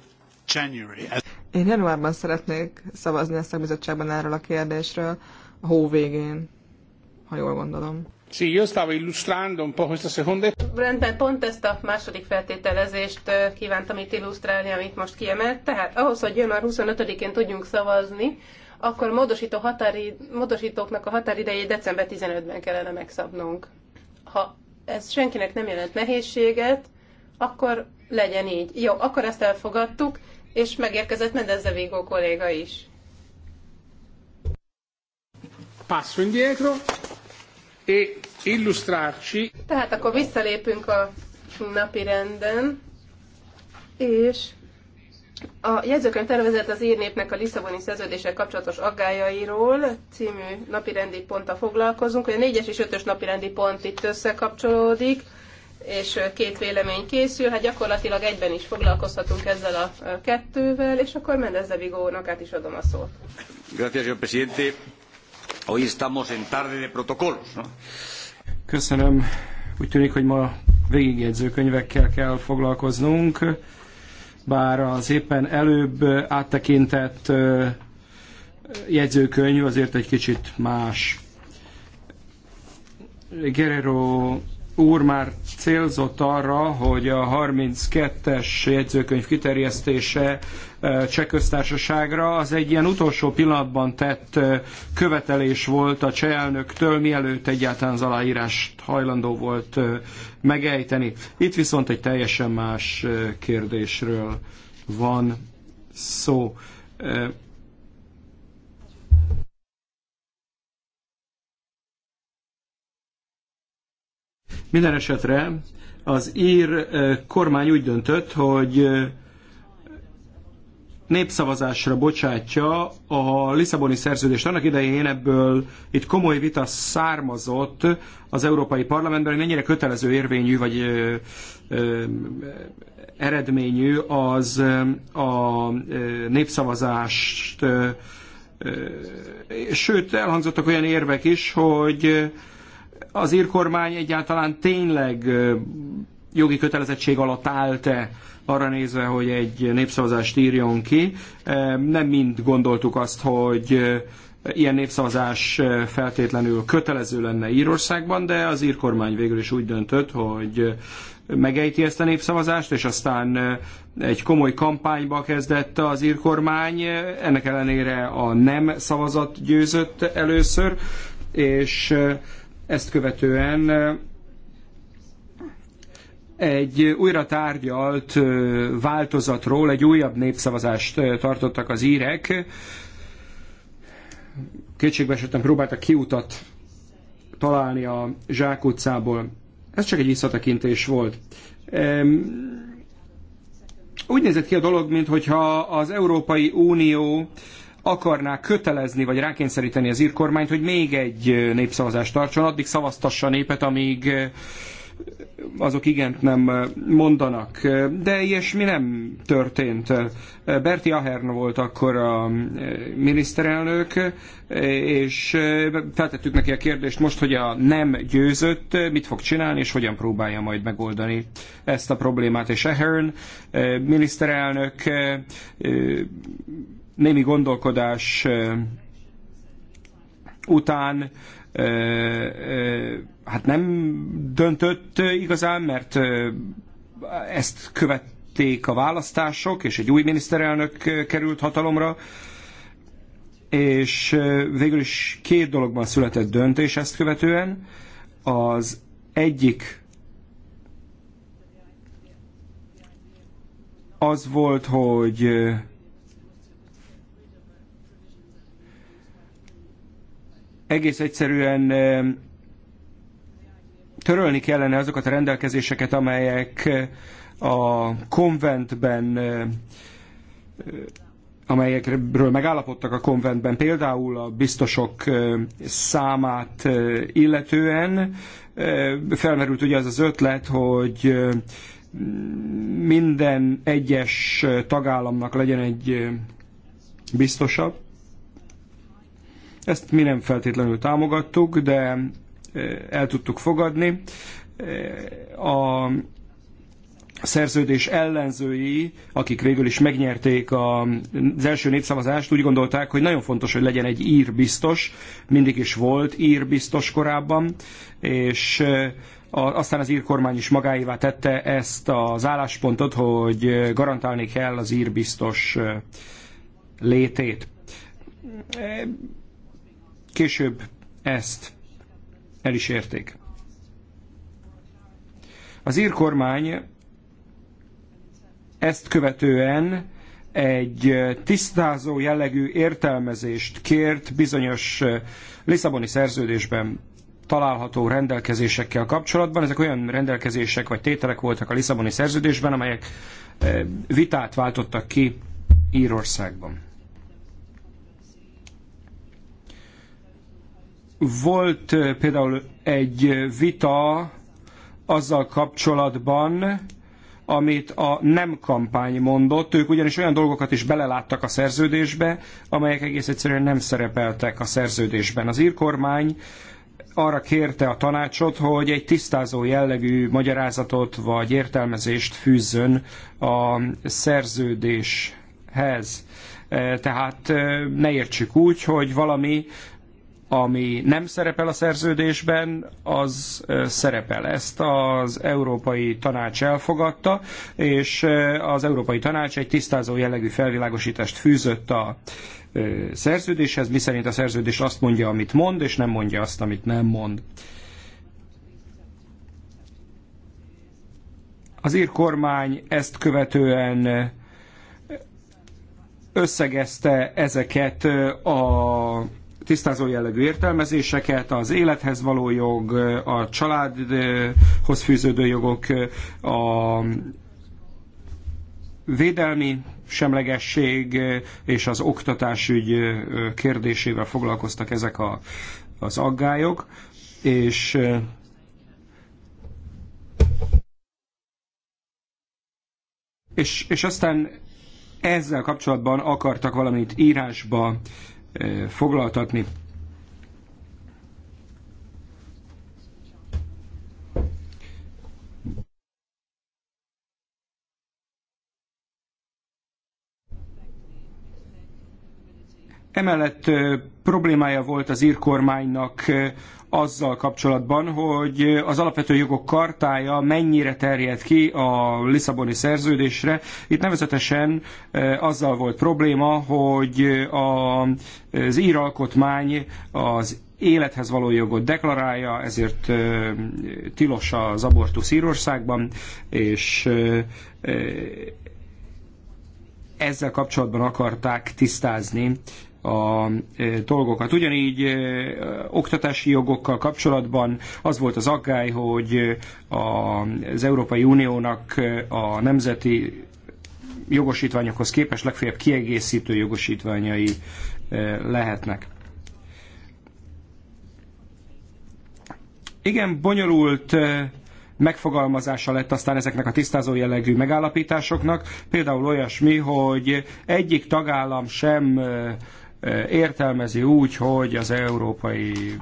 January. Én januárban szeretnék szavazni a szakbizottságban erről a kérdésről, a hó végén, ha jól gondolom. Sí, io stavo illustrando un po' questa seconda... Rendben, pont ezt a második feltételezést kívántam itt illusztrálni, amit most kiemelt. Tehát ahhoz, hogy január 25-én tudjunk szavazni, akkor módosító határi, módosítóknak a határidejét december 15-ben kellene megszabnunk. Ha ez senkinek nem jelent nehézséget, akkor legyen így. Jó, akkor ezt elfogadtuk, és megérkezett Mendezze Vigo kolléga is. Passo indietro e illustrarci. Tehát akkor visszalépünk a napi renden, és a jegyzőkönyv tervezett az írnépnek a Lisszaboni szerződések kapcsolatos aggájairól című napirendi ponttal foglalkozunk. A 4-es és 5-ös napirendi pont itt összekapcsolódik, és két vélemény készül. Hát gyakorlatilag egyben is foglalkozhatunk ezzel a kettővel, és akkor Mendez de Vigónak át is adom a szót. Gracias, señor presidente. Hoy estamos en tarde de protocolos, no? Köszönöm. Úgy tűnik, hogy ma végigjegyzőkönyvekkel kell foglalkoznunk bár az éppen előbb áttekintett jegyzőkönyv azért egy kicsit más. Guerrero úr már célzott arra, hogy a 32-es jegyzőkönyv kiterjesztése e, cseh köztársaságra az egy ilyen utolsó pillanatban tett e, követelés volt a cseh elnöktől, mielőtt egyáltalán az aláírást hajlandó volt e, megejteni. Itt viszont egy teljesen más kérdésről van szó. Minden esetre az ír kormány úgy döntött, hogy népszavazásra bocsátja a Lisszaboni szerződést. Annak idején ebből itt komoly vita származott az Európai Parlamentben, hogy mennyire kötelező érvényű vagy ö, ö, eredményű az a népszavazást. Ö, sőt, elhangzottak olyan érvek is, hogy az ír kormány egyáltalán tényleg jogi kötelezettség alatt állt-e arra nézve, hogy egy népszavazást írjon ki. Nem mind gondoltuk azt, hogy ilyen népszavazás feltétlenül kötelező lenne Írországban, de az ír kormány végül is úgy döntött, hogy megejti ezt a népszavazást, és aztán egy komoly kampányba kezdett az ír kormány. Ennek ellenére a nem szavazat győzött először, és ezt követően egy újra tárgyalt változatról egy újabb népszavazást tartottak az írek. Kétségbe esettem próbáltak kiutat találni a zsákutcából. Ez csak egy visszatekintés volt. Úgy nézett ki a dolog, mintha az Európai Unió akarná kötelezni vagy rákényszeríteni az ír kormányt, hogy még egy népszavazást tartson, addig szavaztassa a népet, amíg azok igent nem mondanak. De ilyesmi nem történt. Berti Ahern volt akkor a miniszterelnök, és feltettük neki a kérdést most, hogy a nem győzött, mit fog csinálni, és hogyan próbálja majd megoldani ezt a problémát. És Ahern miniszterelnök némi gondolkodás után hát nem döntött igazán, mert ezt követték a választások, és egy új miniszterelnök került hatalomra, és végül is két dologban született döntés ezt követően. Az egyik az volt, hogy egész egyszerűen törölni kellene azokat a rendelkezéseket, amelyek eh, a konventben eh, eh, amelyekről megállapodtak a konventben, például a biztosok számát illetően. Felmerült ugye az az ötlet, hogy minden egyes tagállamnak legyen egy biztosabb. Ezt mi nem feltétlenül támogattuk, de e, el tudtuk fogadni. E, a szerződés ellenzői, akik végül is megnyerték az első népszavazást, úgy gondolták, hogy nagyon fontos, hogy legyen egy ír biztos, mindig is volt ír biztos korábban, és e, aztán az ír kormány is magáévá tette ezt az álláspontot, hogy garantálni kell az ír biztos létét Később ezt el is érték. Az ír kormány ezt követően egy tisztázó jellegű értelmezést kért bizonyos eh, Lisszaboni szerződésben található rendelkezésekkel kapcsolatban. Ezek olyan rendelkezések vagy tételek voltak a Lisszaboni szerződésben, amelyek eh, vitát váltottak ki Írországban. Volt például egy vita azzal kapcsolatban, amit a nem kampány mondott. Ők ugyanis olyan dolgokat is beleláttak a szerződésbe, amelyek egész egyszerűen nem szerepeltek a szerződésben. Az írkormány arra kérte a tanácsot, hogy egy tisztázó jellegű magyarázatot vagy értelmezést fűzzön a szerződéshez. Tehát ne értsük úgy, hogy valami ami nem szerepel a szerződésben, az szerepel. Ezt az Európai Tanács elfogadta, és az Európai Tanács egy tisztázó jellegű felvilágosítást fűzött a szerződéshez, miszerint a szerződés azt mondja, amit mond, és nem mondja azt, amit nem mond. Az ír kormány ezt követően összegezte ezeket a tisztázó jellegű értelmezéseket, az élethez való jog, a családhoz fűződő jogok, a védelmi semlegesség és az oktatásügy kérdésével foglalkoztak ezek a, az aggályok, és és, és aztán ezzel kapcsolatban akartak valamit írásba foglaltatni. Emellett problémája volt az ír kormánynak azzal kapcsolatban, hogy az alapvető jogok kartája mennyire terjed ki a Lisszaboni szerződésre. Itt nevezetesen azzal volt probléma, hogy az ír alkotmány az élethez való jogot deklarálja, ezért tilos az abortusz Írországban, és ezzel kapcsolatban akarták tisztázni a e, dolgokat. Ugyanígy e, oktatási jogokkal kapcsolatban az volt az aggály, hogy az Európai Uniónak e, a nemzeti jogosítványokhoz képest legfeljebb kiegészítő jogosítványai lehetnek. Igen, bonyolult megfogalmazása lett aztán ezeknek a tisztázó jellegű megállapításoknak. Például olyasmi, hogy egyik tagállam sem Eh, értelmezi úgy, hogy az európai eh,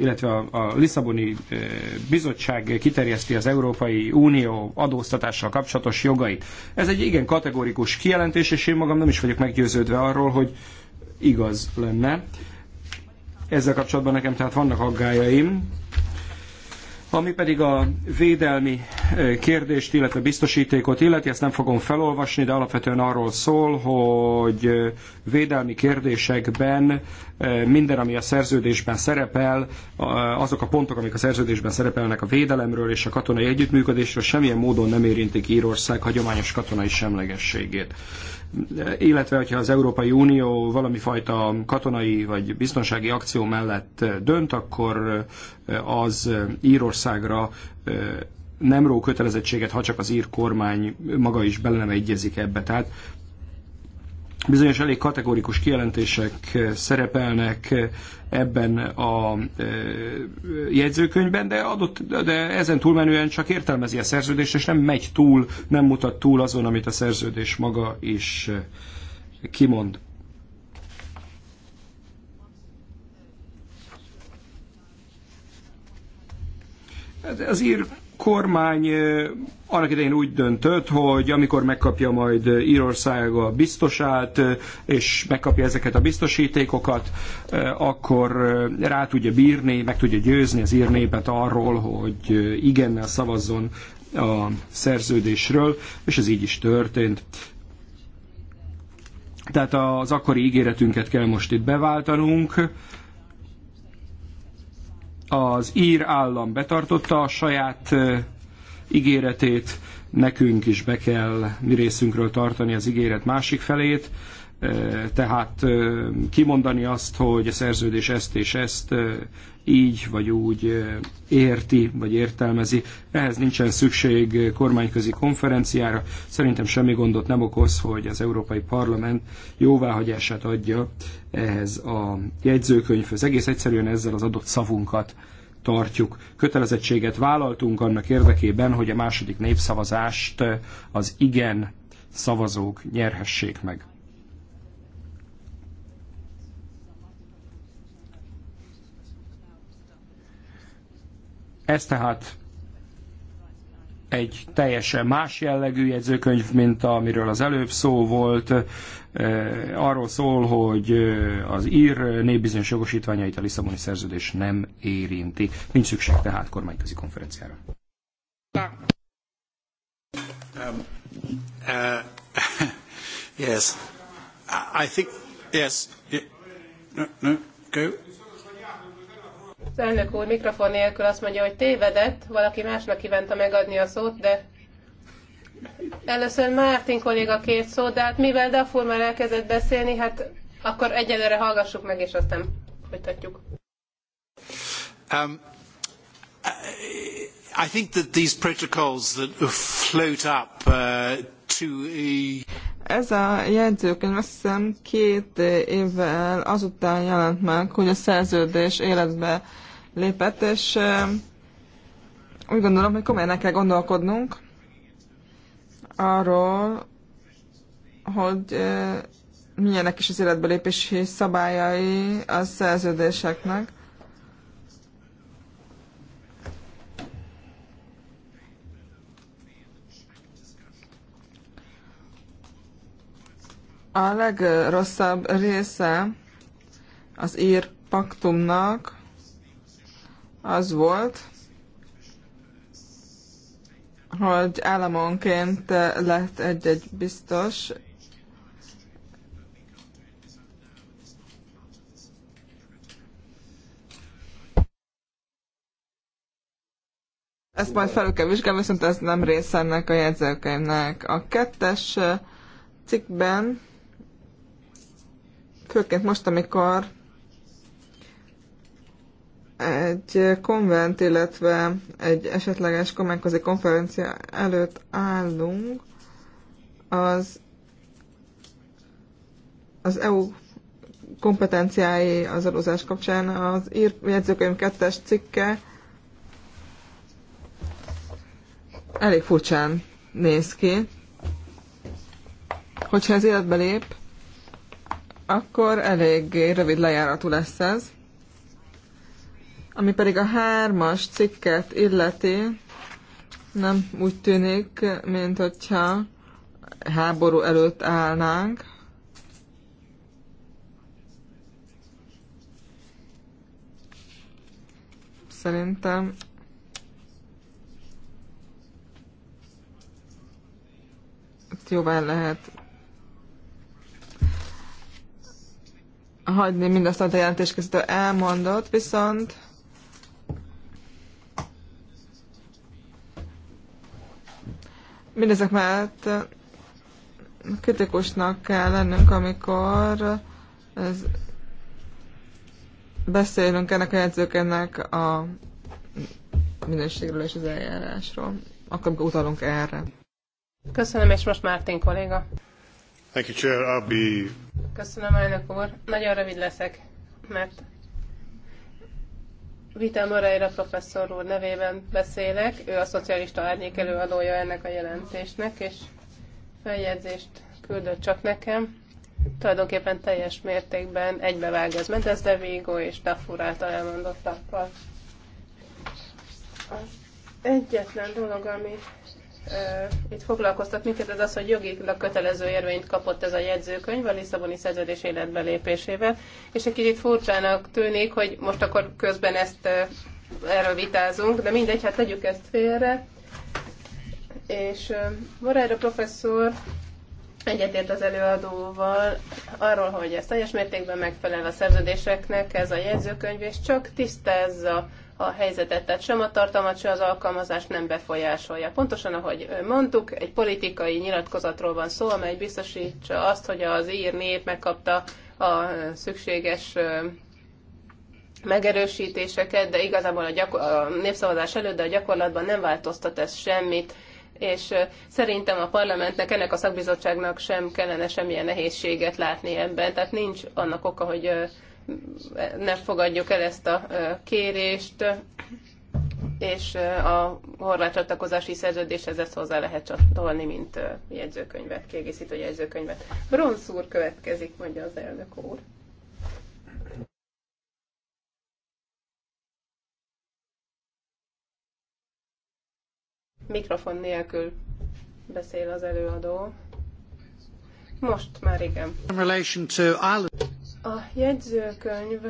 illetve a, a Lisszaboni eh, Bizottság kiterjeszti az Európai Unió adóztatással kapcsolatos jogait. Ez egy igen kategórikus kijelentés, és én magam nem is vagyok meggyőződve arról, hogy igaz lenne. Ezzel kapcsolatban nekem tehát vannak aggájaim, ami pedig a védelmi kérdést, illetve biztosítékot illeti, ezt nem fogom felolvasni, de alapvetően arról szól, hogy védelmi kérdésekben minden, ami a szerződésben szerepel, azok a pontok, amik a szerződésben szerepelnek a védelemről és a katonai együttműködésről, semmilyen módon nem érintik Írország hagyományos katonai semlegességét illetve hogyha az Európai Unió valami fajta katonai vagy biztonsági akció mellett dönt, akkor az Írországra nem ró kötelezettséget, ha csak az ír kormány maga is bele nem egyezik ebbe. Tehát bizonyos elég kategórikus kijelentések eh, szerepelnek eh, ebben a eh, jegyzőkönyvben, de, adott, de ezen túlmenően csak értelmezi a szerződést, és nem megy túl, nem mutat túl azon, amit a szerződés maga is kimond. Hát az ír kormány annak idején úgy döntött, hogy amikor megkapja majd Írország a biztosát, és megkapja ezeket a biztosítékokat, akkor rá tudja bírni, meg tudja győzni az ír népet arról, hogy igennel szavazzon a szerződésről, és ez így is történt. Tehát az akkori ígéretünket kell most itt beváltanunk, az ír állam betartotta a saját ígéretét, nekünk is be kell mi részünkről tartani az ígéret másik felét. Tehát kimondani azt, hogy a szerződés ezt és ezt így vagy úgy érti, vagy értelmezi. Ehhez nincsen szükség kormányközi konferenciára. Szerintem semmi gondot nem okoz, hogy az Európai Parlament jóváhagyását adja ehhez a jegyzőkönyvhöz. Egész egyszerűen ezzel az adott szavunkat tartjuk. Kötelezettséget vállaltunk annak érdekében, hogy a második népszavazást az igen szavazók nyerhessék meg. Ez tehát egy teljesen más jellegű jegyzőkönyv, mint amiről az előbb szó volt. Arról szól, hogy az ír népbizonyos jogosítványait a Lisszaboni szerződés nem érinti. Nincs szükség tehát kormányközi konferenciára. Um, uh, yes. I think, yes. No, no, go elnök úr mikrofon nélkül azt mondja, hogy tévedett, valaki másnak kívánta megadni a szót, de először Mártin kolléga két szót, de hát mivel Dafur már elkezdett beszélni, hát akkor egyelőre hallgassuk meg, és aztán folytatjuk. Um, I think that these protocols that float up uh, to a... Ez a jegyzőkönyv azt hiszem két évvel azután jelent meg, hogy a szerződés életbe lépett, és úgy gondolom, hogy komolyan kell gondolkodnunk arról, hogy milyenek is az életbelépési szabályai a szerződéseknek. A legrosszabb része az ír paktumnak az volt, hogy államonként eh, lett egy-egy biztos, Ezt majd felül kell vizsgálni, viszont ez nem része ennek a jegyzőkönyvnek. A kettes eh, cikkben, főként most, amikor egy konvent, illetve egy esetleges kormányközi konferencia előtt állunk, az, az EU kompetenciái az adózás kapcsán az ír jegyzőkönyv kettes cikke elég furcsán néz ki. Hogyha ez életbe lép, akkor elég rövid lejáratú lesz ez. Ami pedig a hármas cikket illeti, nem úgy tűnik, mint hogyha háború előtt állnánk. Szerintem jóvá lehet hagyni mindazt, amit a jelentéskészítő elmondott, viszont mindezek mellett kritikusnak kell lennünk, amikor ez beszélünk ennek a jegyzőkennek a minőségről és az eljárásról, akkor utalunk erre. Köszönöm, és most Mártin kolléga. Thank you, Chair. I'll be... Köszönöm, elnök úr. Nagyon rövid leszek, mert Vita Moreira professzor úr nevében beszélek, ő a szocialista árnyék előadója ennek a jelentésnek, és feljegyzést küldött csak nekem. Tulajdonképpen teljes mértékben egybevág az Medez de Vigo és Tafur által elmondottakkal. Az egyetlen dolog, ami itt foglalkoztat minket, az az, hogy jogilag kötelező érvényt kapott ez a jegyzőkönyv a Lisszaboni szerződés életbe lépésével, és egy kicsit furcsának tűnik, hogy most akkor közben ezt erről vitázunk, de mindegy, hát tegyük ezt félre. És Morára professzor egyetért az előadóval arról, hogy ez teljes mértékben megfelel a szerződéseknek, ez a jegyzőkönyv, és csak tisztázza a helyzetet, tehát sem a tartalmat, sem az alkalmazást nem befolyásolja. Pontosan ahogy mondtuk, egy politikai nyilatkozatról van szó, amely biztosítsa azt, hogy az ír nép megkapta a szükséges megerősítéseket, de igazából a, gyakor- a népszavazás előtt, de a gyakorlatban nem változtat ez semmit és szerintem a parlamentnek, ennek a szakbizottságnak sem kellene semmilyen nehézséget látni ebben, tehát nincs annak oka, hogy ne fogadjuk el ezt a kérést, és a horvát csatlakozási szerződéshez ezt hozzá lehet csatolni, mint jegyzőkönyvet, kiegészítő jegyzőkönyvet. Bronsz úr következik, mondja az elnök úr. Mikrofon nélkül beszél az előadó. Most már igen. A jegyzőkönyv,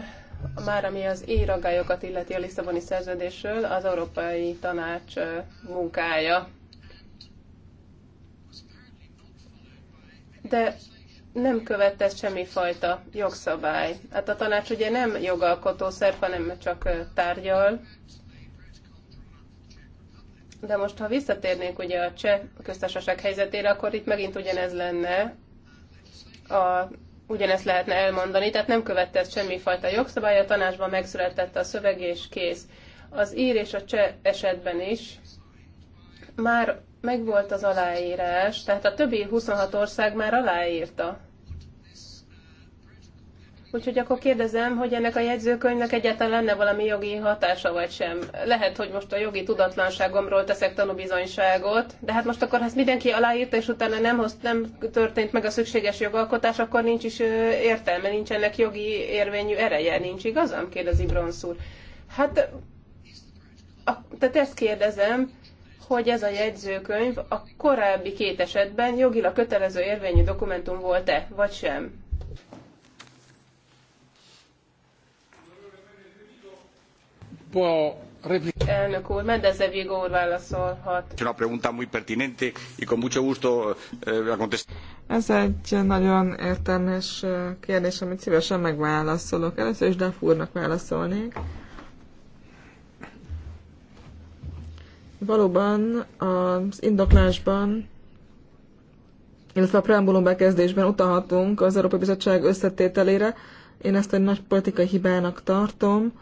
már ami az éragályokat illeti a Lisszaboni szerződésről, az Európai Tanács munkája. De nem követte semmi semmifajta jogszabály. Hát a tanács ugye nem jogalkotó szerv, hanem csak tárgyal. De most, ha visszatérnénk ugye a cseh köztársaság helyzetére, akkor itt megint ugyanez lenne. A ugyanezt lehetne elmondani, tehát nem követte ezt semmifajta jogszabály, a tanácsban megszületett a szöveg és kész. Az ír és a cseh esetben is már megvolt az aláírás, tehát a többi 26 ország már aláírta Úgyhogy akkor kérdezem, hogy ennek a jegyzőkönyvnek egyáltalán lenne valami jogi hatása, vagy sem. Lehet, hogy most a jogi tudatlanságomról teszek tanúbizonyságot, de hát most akkor, ha ezt mindenki aláírta, és utána nem, hozt, nem történt meg a szükséges jogalkotás, akkor nincs is értelme, nincsenek jogi érvényű ereje, nincs igazam? kérdezi Bronsz úr. Hát, a, tehát ezt kérdezem, hogy ez a jegyzőkönyv a korábbi két esetben jogilag kötelező érvényű dokumentum volt-e, vagy sem. Elnök úr, Mendeze Vigo úr válaszolhat. Eh, Ez egy nagyon értelmes eh, kérdés, amit szívesen megválaszolok. Először is Dafurnak válaszolnék. Valóban az indoklásban, illetve a preambulum bekezdésben utalhatunk az Európai Bizottság összetételére. Én ezt egy nagy politikai hibának tartom,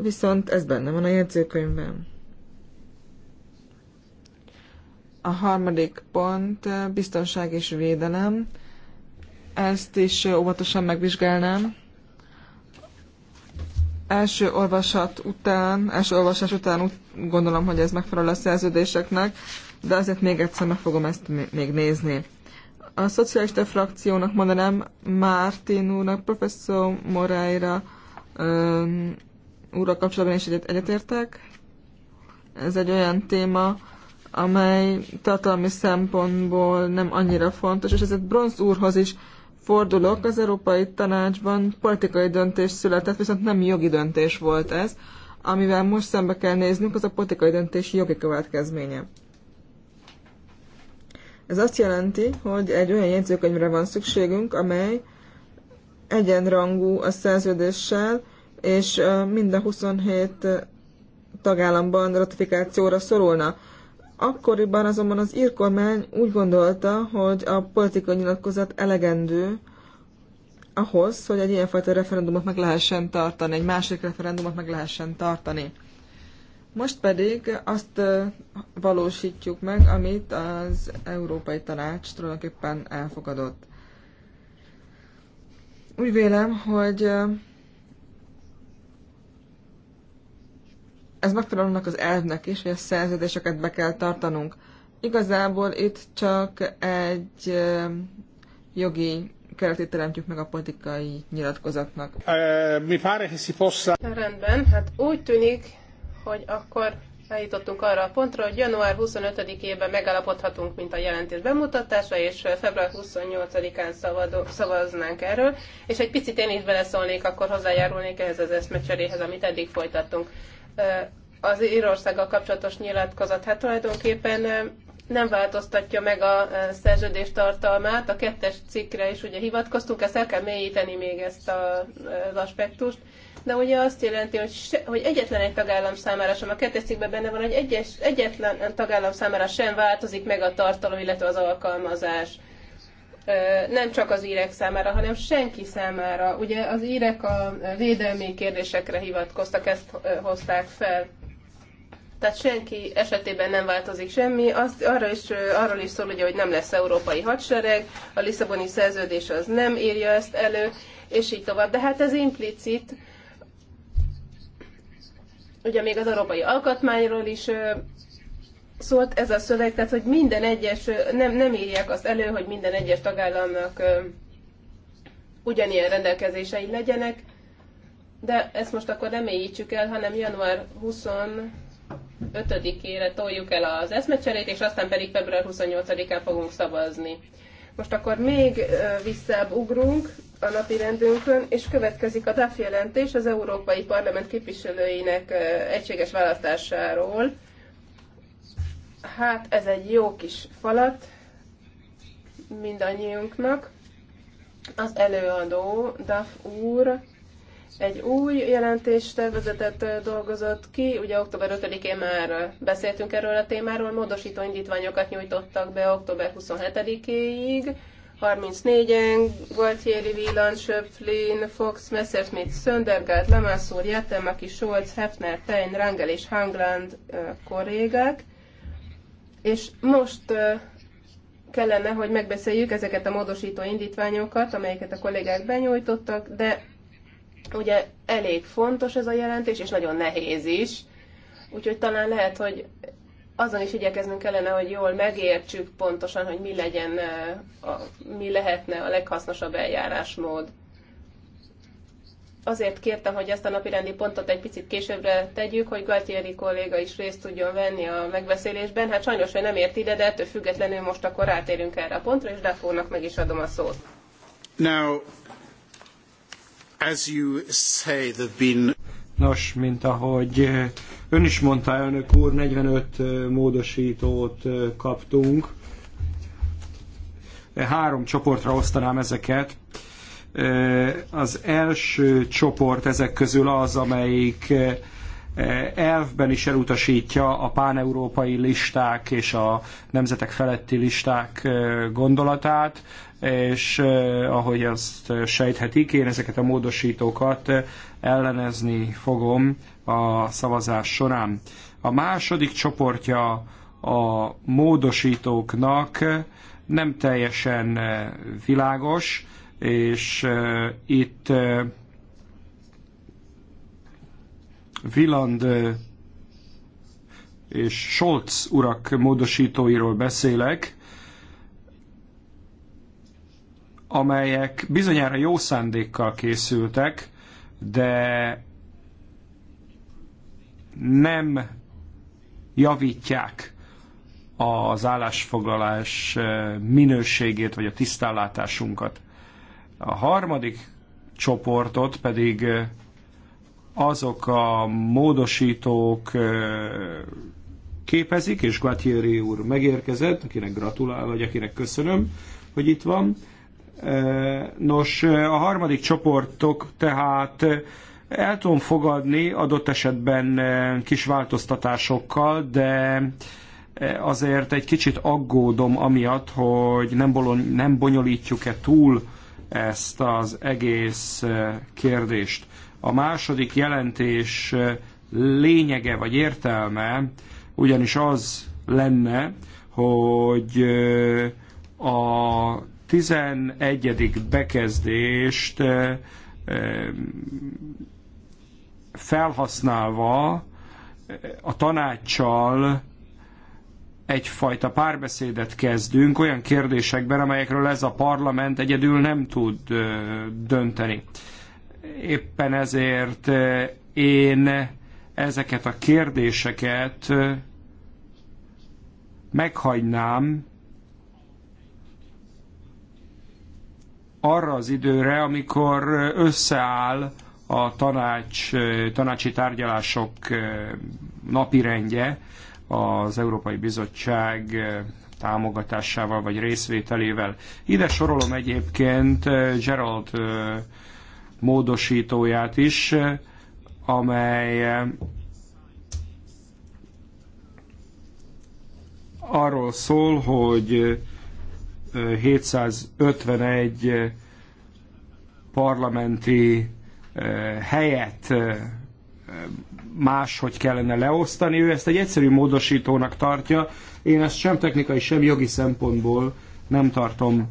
viszont ez benne van a jegyzőkönyvben. A harmadik pont eh, biztonság és védelem. Ezt is eh, óvatosan megvizsgálnám. Első olvasat után, első olvasás után úgy gondolom, hogy ez megfelel a szerződéseknek, de azért még egyszer meg fogom ezt még nézni. A szocialista frakciónak mondanám Mártin úrnak, professzor Moreira, úrral kapcsolatban is egyet, egyetértek. Ez egy olyan téma, amely tartalmi szempontból nem annyira fontos, és ezért Bronz úrhoz is fordulok. Az Európai Tanácsban politikai döntés született, viszont nem jogi döntés volt ez. Amivel most szembe kell néznünk, az a politikai döntés jogi következménye. Ez azt jelenti, hogy egy olyan jegyzőkönyvre van szükségünk, amely egyenrangú a szerződéssel, és mind a 27 tagállamban ratifikációra szorulna. Akkoriban azonban az ír kormány úgy gondolta, hogy a politikai nyilatkozat elegendő ahhoz, hogy egy ilyenfajta referendumot meg lehessen tartani, egy másik referendumot meg lehessen tartani. Most pedig azt valósítjuk meg, amit az Európai Tanács tulajdonképpen elfogadott. Úgy vélem, hogy ez megfelel annak az elvnek is, hogy a szerződéseket be kell tartanunk. Igazából itt csak egy jogi keretét teremtjük meg a politikai nyilatkozatnak. Mi pare che si possa... Rendben, hát úgy tűnik, hogy akkor eljutottunk arra a pontra, hogy január 25-ében megalapodhatunk, mint a jelentés bemutatása, és február 28-án szavaznánk erről, és egy picit én is beleszólnék, akkor hozzájárulnék ehhez az eszmecseréhez, amit eddig folytattunk az Írországgal kapcsolatos nyilatkozat. Hát tulajdonképpen nem változtatja meg a szerződés tartalmát. A kettes cikkre is ugye hivatkoztunk, ezt el kell mélyíteni még ezt a, az aspektust. De ugye azt jelenti, hogy, se, hogy egyetlen egy tagállam számára sem, a kettes cikkben benne van, hogy egyes, egyetlen tagállam számára sem változik meg a tartalom, illetve az alkalmazás nem csak az írek számára, hanem senki számára. Ugye az írek a védelmi kérdésekre hivatkoztak, ezt hozták fel. Tehát senki esetében nem változik semmi, azt, arra is, arról is szól, ugye, hogy nem lesz európai hadsereg, a Lisszaboni szerződés az nem írja ezt elő, és így tovább. De hát ez implicit, ugye még az európai alkotmányról is szólt ez a szöveg, tehát hogy minden egyes, nem, nem írják azt elő, hogy minden egyes tagállamnak ugyanilyen rendelkezései legyenek, de ezt most akkor nem éjítsük el, hanem január 25-ére toljuk el az eszmecserét, és aztán pedig február 28-án fogunk szavazni. Most akkor még visszább ugrunk a napi rendünkön, és következik a DAF jelentés az Európai Parlament képviselőinek egységes választásáról. Hát ez egy jó kis falat mindannyiunknak. Az előadó, Daf úr, egy új jelentéstervezetet dolgozott ki. Ugye október 5-én már beszéltünk erről a témáról, módosító indítványokat nyújtottak be október 27-éig. 34-en, Gualtieri, Wieland, Söpflin, Fox, Messerschmitt, Söndergaard, Lamassur, Jatemaki, Scholz, Hefner, Tein, Rangel és Hangland kollégák. És most kellene, hogy megbeszéljük ezeket a módosító indítványokat, amelyeket a kollégák benyújtottak, de ugye elég fontos ez a jelentés, és nagyon nehéz is. Úgyhogy talán lehet, hogy azon is igyekeznünk kellene, hogy jól megértsük pontosan, hogy mi legyen, a, mi lehetne a leghasznosabb eljárásmód azért kértem, hogy ezt a napi rendi pontot egy picit későbbre tegyük, hogy Galtieri kolléga is részt tudjon venni a megbeszélésben. Hát sajnos hogy nem ért ide, de ettől függetlenül most akkor átérünk erre a pontra, és Dafónak meg is adom a szót. Now, as you say, been... Nos, mint ahogy eh, ön is mondta, elnök úr, 45 eh, módosítót eh, kaptunk. Három csoportra osztanám ezeket. Az első csoport ezek közül az, amelyik elvben is elutasítja a páneurópai listák és a nemzetek feletti listák gondolatát, és ahogy azt sejthetik, én ezeket a módosítókat ellenezni fogom a szavazás során. A második csoportja a módosítóknak nem teljesen világos, és itt Viland és Scholz urak módosítóiról beszélek, amelyek bizonyára jó szándékkal készültek, de nem javítják az állásfoglalás minőségét, vagy a tisztállátásunkat. A harmadik csoportot pedig azok a módosítók képezik, és Guattieri úr megérkezett, akinek gratulál, vagy akinek köszönöm, hogy itt van. Nos, a harmadik csoportok tehát el tudom fogadni adott esetben kis változtatásokkal, de azért egy kicsit aggódom amiatt, hogy nem, bolon, nem bonyolítjuk-e túl ezt az egész kérdést. A második jelentés lényege vagy értelme ugyanis az lenne, hogy a 11. bekezdést felhasználva a tanácssal egyfajta párbeszédet kezdünk olyan kérdésekben, amelyekről ez a parlament egyedül nem tud dönteni. Éppen ezért én ezeket a kérdéseket meghagynám arra az időre, amikor összeáll a tanács, tanácsi tárgyalások napirendje, az Európai Bizottság eh, támogatásával vagy részvételével. Ide sorolom egyébként eh, Gerald eh, módosítóját is, amely arról szól, hogy 751 parlamenti helyet máshogy kellene leosztani. Ő ezt egy egyszerű módosítónak tartja. Én ezt sem technikai, sem jogi szempontból nem tartom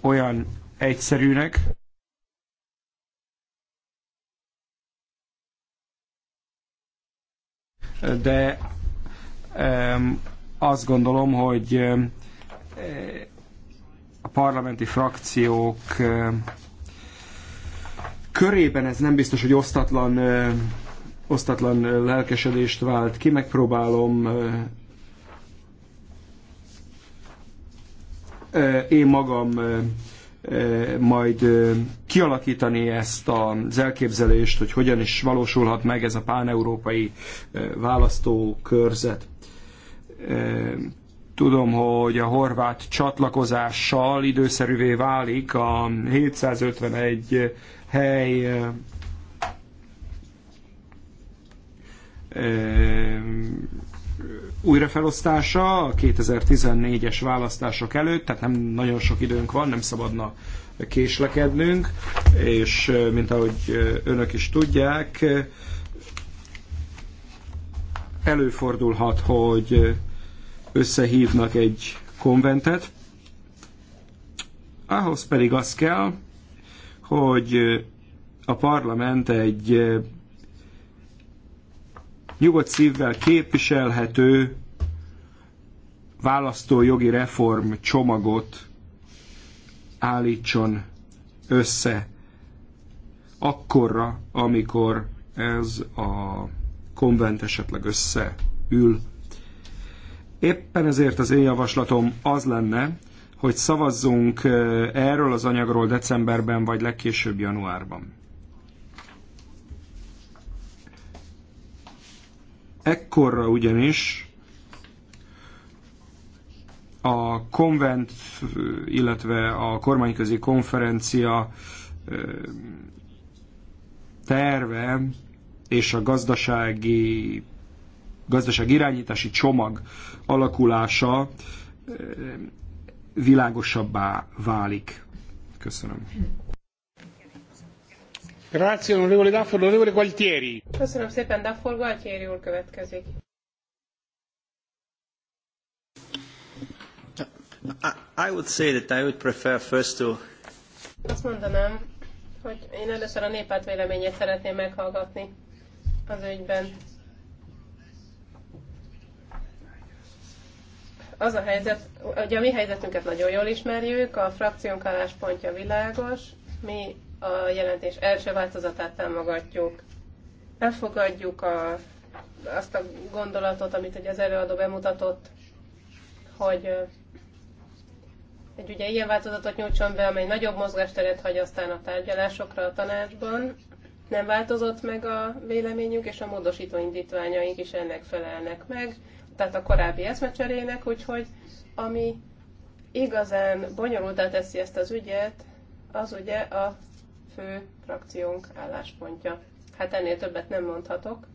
olyan egyszerűnek. De um, azt gondolom, hogy a parlamenti frakciók körében ez nem biztos, hogy osztatlan osztatlan lelkesedést vált ki, megpróbálom eh, eh, én magam eh, majd kialakítani ezt az elképzelést, hogy hogyan is valósulhat meg ez a páneurópai választókörzet. Tudom, hogy a horvát csatlakozással időszerűvé válik a 751 hely újrafelosztása a 2014-es választások előtt, tehát nem nagyon sok időnk van, nem szabadna késlekednünk, és mint ahogy önök is tudják, előfordulhat, hogy összehívnak egy konventet, ahhoz pedig az kell, hogy a parlament egy nyugodt szívvel képviselhető választójogi reform csomagot állítson össze akkorra, amikor ez a konvent esetleg összeül. Éppen ezért az én javaslatom az lenne, hogy szavazzunk eh, erről az anyagról decemberben, vagy legkésőbb januárban. Ekkorra ugyanis a konvent, illetve a kormányközi konferencia terve és a gazdasági gazdaság irányítási csomag alakulása világosabbá válik. Köszönöm. Grazie, onorevole Dafford, onorevole Gualtieri. Köszönöm szépen, Dafford Gualtieri úr következik. I would say that I would prefer first to... Azt mondanám, hogy én először a néppárt véleményét szeretném meghallgatni az ügyben. Az a helyzet, ugye a mi helyzetünket nagyon jól ismerjük, a frakciónk álláspontja világos, mi a jelentés első változatát támogatjuk. Elfogadjuk a, azt a gondolatot, amit ugye az előadó bemutatott, hogy egy ugye ilyen változatot nyújtson be, amely nagyobb mozgásteret hagy aztán a tárgyalásokra a tanácsban. Nem változott meg a véleményünk, és a módosító indítványaink is ennek felelnek meg, tehát a korábbi eszmecserének, úgyhogy ami igazán bonyolultá teszi ezt az ügyet, az ugye a fő frakciónk álláspontja. Hát ennél többet nem mondhatok,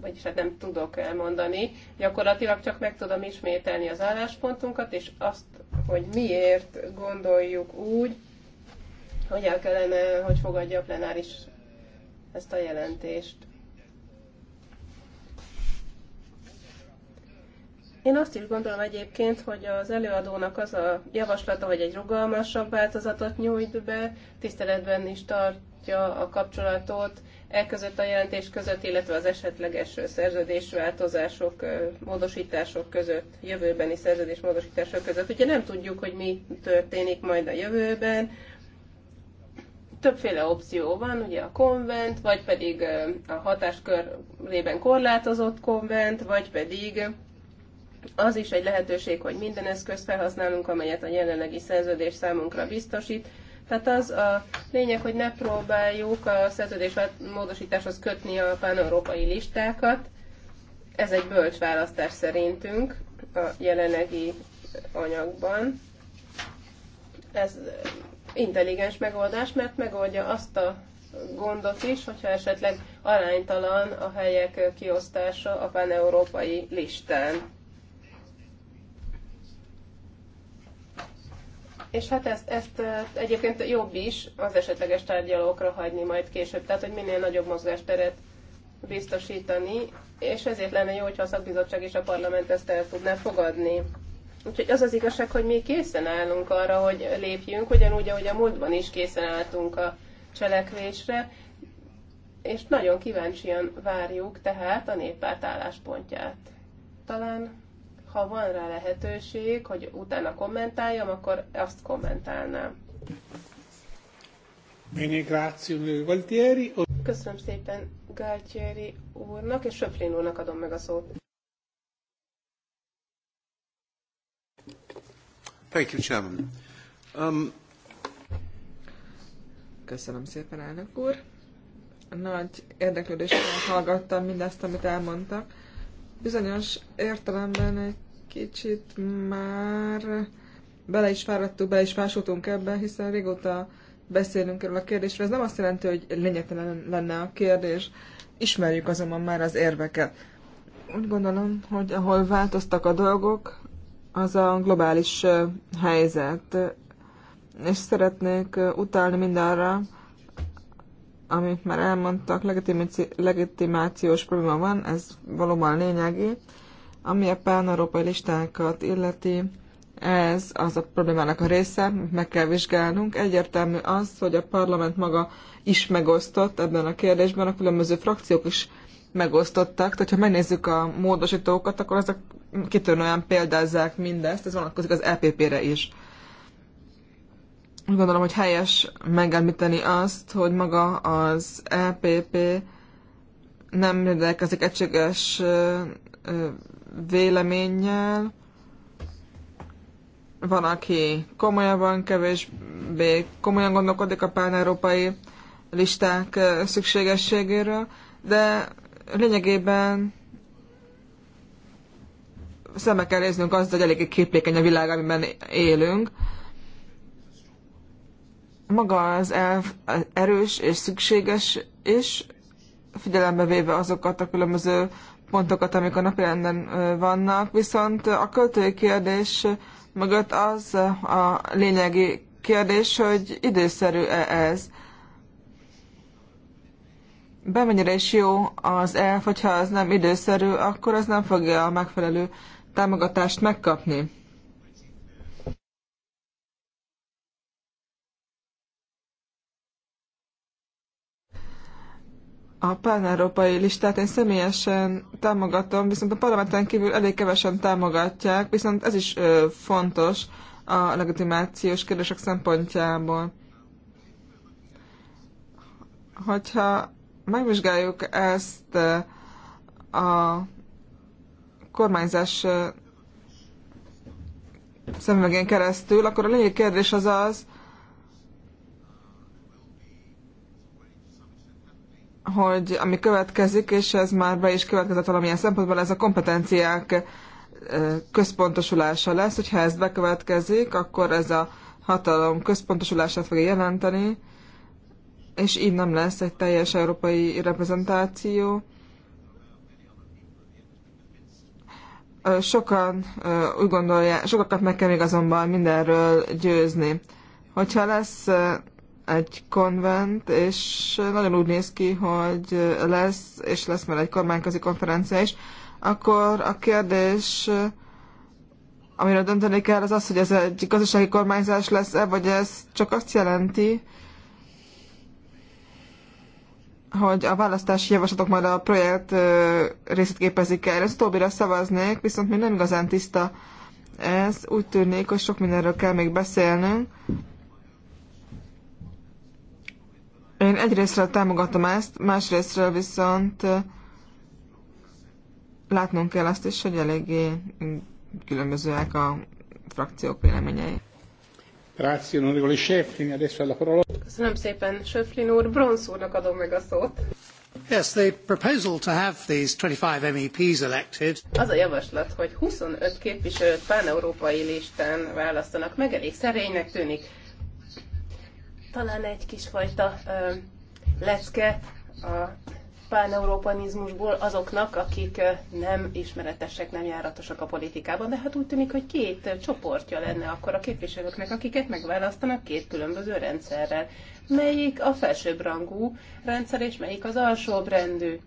vagyis hát nem tudok elmondani. Gyakorlatilag csak meg tudom ismételni az álláspontunkat, és azt, hogy miért gondoljuk úgy, hogy el kellene, hogy fogadja a plenáris ezt a jelentést. Én azt is gondolom egyébként, hogy az előadónak az a javaslata, hogy egy rugalmasabb változatot nyújt be, tiszteletben is tartja a kapcsolatot e között a jelentés között, illetve az esetleges szerződésváltozások, módosítások között, jövőbeni szerződés között. Ugye nem tudjuk, hogy mi történik majd a jövőben, többféle opció van, ugye a konvent, vagy pedig a hatáskörében korlátozott konvent, vagy pedig az is egy lehetőség, hogy minden eszközt felhasználunk, amelyet a jelenlegi szerződés számunkra biztosít. Tehát az a lényeg, hogy ne próbáljuk a szerződés módosításhoz kötni a pán-európai listákat. Ez egy bölcs választás szerintünk a jelenlegi anyagban. Ez intelligens megoldás, mert megoldja azt a gondot is, hogyha esetleg aránytalan a helyek kiosztása a pán-európai listán És hát ezt, ezt egyébként jobb is az esetleges tárgyalókra hagyni majd később, tehát hogy minél nagyobb mozgásteret biztosítani, és ezért lenne jó, hogyha a szakbizottság és a parlament ezt el tudná fogadni. Úgyhogy az az igazság, hogy mi készen állunk arra, hogy lépjünk, ugyanúgy, ahogy a múltban is készen álltunk a cselekvésre, és nagyon kíváncsian várjuk tehát a néppárt álláspontját. Talán ha van rá lehetőség, hogy utána kommentáljam, akkor azt kommentálnám. Bene, grazie, Gualtieri. Köszönöm szépen Galtieri úrnak, és Söfrén úrnak adom meg a szót. Thank you, Chairman. Um... Köszönöm szépen, elnök úr. Nagy érdeklődéssel hallgattam mindazt, amit elmondtak bizonyos értelemben egy kicsit már bele is fáradtunk, bele is fásultunk ebbe, hiszen régóta beszélünk erről a kérdésről. Ez nem azt jelenti, hogy lényegtelen lenne a kérdés. Ismerjük azonban már az érveket. Úgy gondolom, hogy ahol változtak a dolgok, az a globális helyzet. És szeretnék utalni mindarra, amit már elmondtak, legitimációs probléma van, ez valóban lényegi. Ami a pán-európai listákat illeti, ez az a problémának a része, meg kell vizsgálnunk. Egyértelmű az, hogy a parlament maga is megosztott ebben a kérdésben, a különböző frakciók is megosztottak. Tehát, ha megnézzük a módosítókat, akkor ezek kitűnően példázzák mindezt, ez vonatkozik az EPP-re is. Úgy gondolom, hogy helyes megemlíteni azt, hogy maga az EPP nem rendelkezik egységes véleménnyel. Van, aki komolyabban, kevésbé komolyan gondolkodik a pán-európai listák szükségességéről, de lényegében szembe kell néznünk azt, hogy eléggé képlékeny a világ, amiben élünk, maga az elv erős és szükséges, és figyelembe véve azokat a különböző pontokat, amik a napirenden vannak, viszont a költői kérdés mögött az a lényegi kérdés, hogy időszerű-e ez. Bemennyire is jó az elf, hogyha az nem időszerű, akkor az nem fogja a megfelelő támogatást megkapni. a pán-európai listát én személyesen támogatom, viszont a parlamenten kívül elég kevesen támogatják, viszont ez is ö, fontos a legitimációs kérdések szempontjából. Hogyha megvizsgáljuk ezt a kormányzás szemüvegén keresztül, akkor a lényeg kérdés az az, hogy ami következik, és ez már be is következett valamilyen szempontból, ez a kompetenciák központosulása lesz, hogyha ez bekövetkezik, akkor ez a hatalom központosulását fogja jelenteni, és így nem lesz egy teljes európai reprezentáció. Sokan úgy gondolják, sokakat meg kell még azonban mindenről győzni. Hogyha lesz egy konvent, és nagyon úgy néz ki, hogy lesz, és lesz már egy kormányközi konferencia is, akkor a kérdés, amiről dönteni kell, az az, hogy ez egy gazdasági kormányzás lesz-e, vagy ez csak azt jelenti, hogy a választási javaslatok majd a projekt részét képezik el. Ezt utóbbira szavaznék, viszont még nem igazán tiszta ez. Úgy tűnik, hogy sok mindenről kell még beszélnünk, Én egyrésztről támogatom ezt, másrésztről viszont látnunk kell azt is, hogy eléggé különbözőek a frakciók véleményei. Köszönöm szépen, Söflin úr. Bronsz úrnak adom meg a szót. Yes, the proposal to have these 25 MEPs elected. Az a javaslat, hogy 25 képviselőt pán-európai listán választanak meg, elég szerénynek tűnik talán egy kisfajta ö, lecke a páneurópanizmusból azoknak, akik nem ismeretesek, nem járatosak a politikában, de hát úgy tűnik, hogy két csoportja lenne akkor a képviselőknek, akiket megválasztanak két különböző rendszerrel. Melyik a felsőbbrangú rendszer, és melyik az rendű?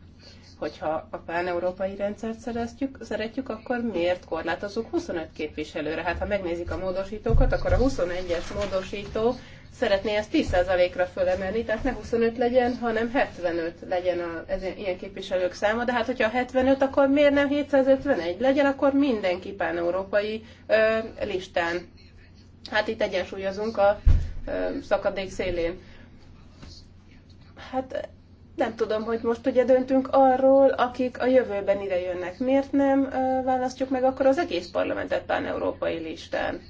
Hogyha a páneurópai rendszert szeretjük, szeretjük, akkor miért korlátozunk 25 képviselőre? Hát ha megnézik a módosítókat, akkor a 21-es módosító szeretné ezt 10%-ra fölemelni, tehát ne 25 legyen, hanem 75 legyen a, ez, ilyen képviselők száma, de hát hogyha 75, akkor miért nem 751 legyen, akkor mindenki pán-európai ö, listán. Hát itt egyensúlyozunk a ö, szakadék szélén. Hát nem tudom, hogy most ugye döntünk arról, akik a jövőben ide jönnek. Miért nem ö, választjuk meg akkor az egész parlamentet pán-európai listán?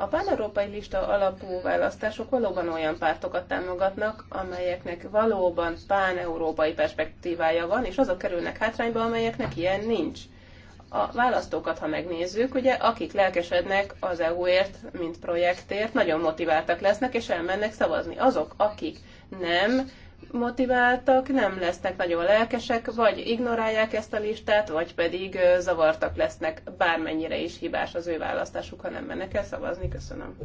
A páneurópai lista alapú választások valóban olyan pártokat támogatnak, amelyeknek valóban páneurópai perspektívája van, és azok kerülnek hátrányba, amelyeknek ilyen nincs. A választókat, ha megnézzük, ugye akik lelkesednek az EU-ért, mint projektért, nagyon motiváltak lesznek, és elmennek szavazni. Azok, akik nem, motiváltak, nem lesznek nagyon lelkesek, vagy ignorálják ezt a listát, vagy pedig zavartak lesznek, bármennyire is hibás az ő választásuk, ha nem mennek el szavazni. Köszönöm.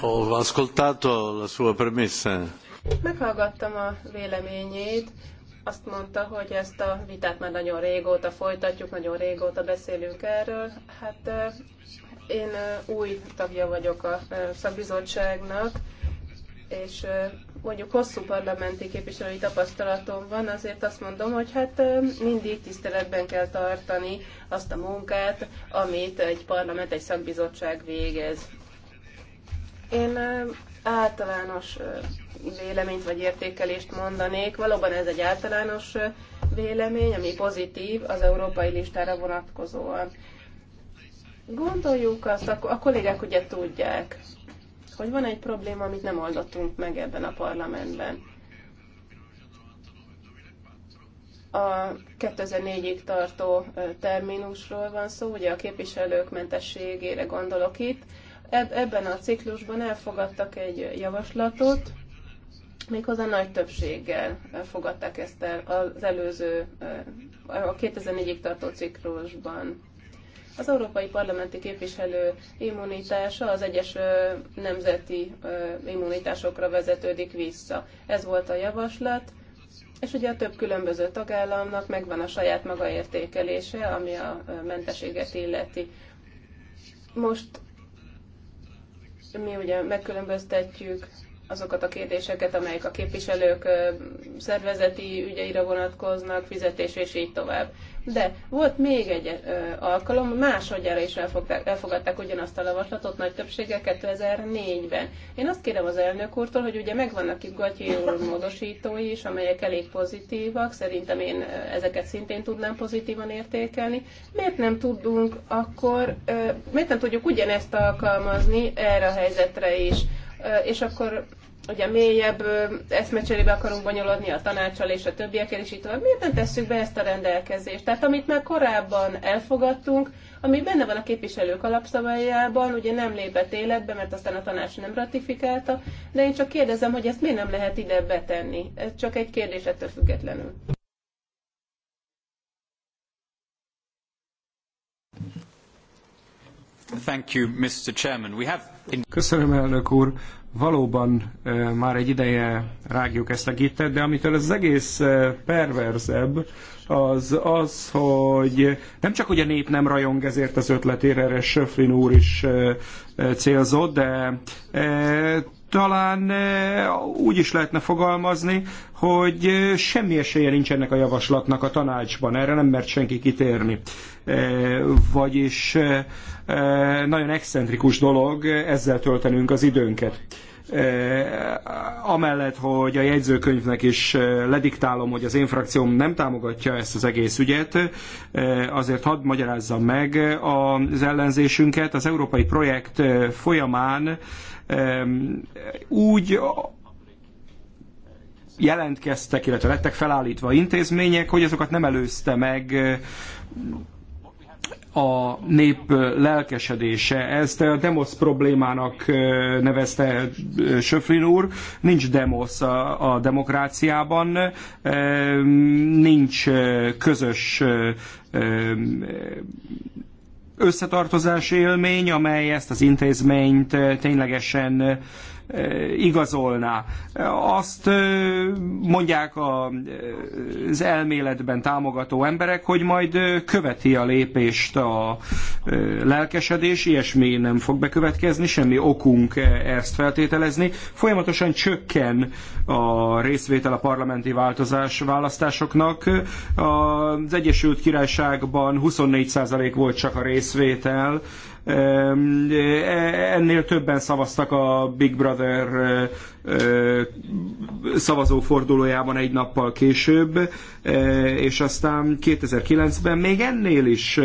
Ho ascoltato la sua premessa. Meghallgattam a véleményét. Azt mondta, hogy ezt a vitát már nagyon régóta folytatjuk, nagyon régóta beszélünk erről. Hát én új tagja vagyok a szakbizottságnak, és mondjuk hosszú parlamenti képviselői tapasztalatom van, azért azt mondom, hogy hát mindig tiszteletben kell tartani azt a munkát, amit egy parlament, egy szakbizottság végez. Én általános véleményt vagy értékelést mondanék. Valóban ez egy általános vélemény, ami pozitív az európai listára vonatkozóan. Gondoljuk azt, akkor a kollégák ugye tudják, hogy van egy probléma, amit nem oldottunk meg ebben a parlamentben. A 2004-ig tartó terminusról van szó, ugye a képviselők mentességére gondolok itt. Ebben a ciklusban elfogadtak egy javaslatot, méghozzá nagy többséggel fogadták ezt el az előző, a 2004-ig tartó ciklusban. Az európai parlamenti képviselő immunitása az egyes nemzeti immunitásokra vezetődik vissza. Ez volt a javaslat, és ugye a több különböző tagállamnak megvan a saját maga értékelése, ami a mentességet illeti. Most mi ugye megkülönböztetjük azokat a kérdéseket, amelyek a képviselők szervezeti ügyeire vonatkoznak, fizetés és így tovább. De volt még egy ö, alkalom, másodjára is elfogták, elfogadták ugyanazt a javaslatot nagy többséggel 2004-ben. Én azt kérem az elnök úrtól, hogy ugye megvannak itt Gatyi módosítói is, amelyek elég pozitívak, szerintem én ezeket szintén tudnám pozitívan értékelni. Miért nem tudunk akkor, ö, miért nem tudjuk ugyanezt alkalmazni erre a helyzetre is? és akkor Ugye mélyebb eszmecserébe akarunk bonyolodni a tanácsal és a többiekkel, és így tovább. Miért nem tesszük be ezt a rendelkezést? Tehát amit már korábban elfogadtunk, ami benne van a képviselők alapszabályában, ugye nem lépett életbe, mert aztán a tanács nem ratifikálta, de én csak kérdezem, hogy ezt miért nem lehet ide betenni? Ez csak egy kérdés ettől függetlenül. Thank you, Mr. Chairman. We have... Köszönöm, elnök úr valóban már egy ideje rágjuk ezt a gittet, de amitől az egész perverzebb, az az, hogy nem csak, hogy a nép nem rajong ezért az ötletére, erre Söflin úr is célzott, de talán úgy is lehetne fogalmazni, hogy semmi esélye nincs ennek a javaslatnak a tanácsban, erre nem mert senki kitérni. Vagyis nagyon excentrikus dolog ezzel töltenünk az időnket amellett, hogy a jegyzőkönyvnek is lediktálom, hogy az én frakcióm nem támogatja ezt az egész ügyet, azért hadd magyarázzam meg az ellenzésünket. Az európai projekt folyamán úgy jelentkeztek, illetve lettek felállítva intézmények, hogy azokat nem előzte meg a nép lelkesedése. Ezt a demosz problémának nevezte Söfrin úr. Nincs demosz a, a demokráciában, nincs közös összetartozás élmény, amely ezt az intézményt ténylegesen igazolná. Azt mondják az elméletben támogató emberek, hogy majd követi a lépést a lelkesedés, ilyesmi nem fog bekövetkezni, semmi okunk ezt feltételezni. Folyamatosan csökken a részvétel a parlamenti változás választásoknak. Az Egyesült Királyságban 24% volt csak a részvétel, E, ennél többen szavaztak a Big Brother szavazófordulójában egy nappal később, és aztán 2009-ben még ennél is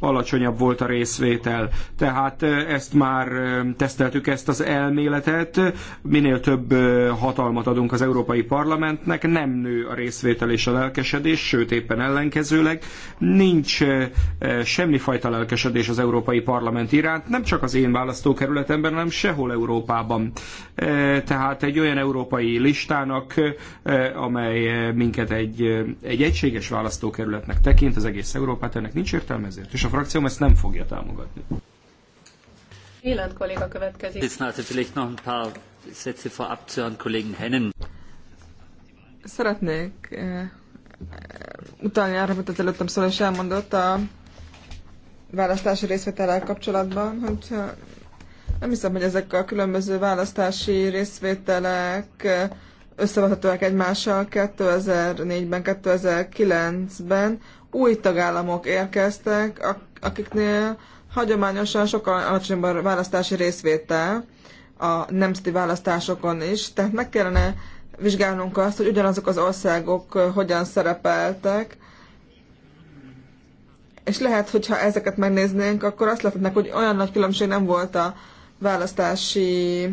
alacsonyabb volt a részvétel. Tehát ezt már teszteltük ezt az elméletet, minél több hatalmat adunk az Európai Parlamentnek, nem nő a részvétel és a lelkesedés, sőt éppen ellenkezőleg nincs semmifajta lelkesedés az Európai Parlament iránt, nem csak az én választókerületemben, hanem sehol Európában. Tehát egy olyan európai listának, amely minket egy, egy egységes választókerületnek tekint, az egész Európát, ennek nincs értelme ezért, és a frakcióm ezt nem fogja támogatni. Élet kolléga következik. Szeretnék utalni arra, amit az előttem szóval is elmondott a választási részvétellel kapcsolatban, hogy nem hiszem, hogy ezek a különböző választási részvételek összevethetőek egymással 2004-ben, 2009-ben új tagállamok érkeztek, akiknél hagyományosan sokkal alacsonyabb a választási részvétel a nemzeti választásokon is, tehát meg kellene vizsgálnunk azt, hogy ugyanazok az országok hogyan szerepeltek, és lehet, hogyha ezeket megnéznénk, akkor azt lehetnek, hogy olyan nagy különbség nem volt a választási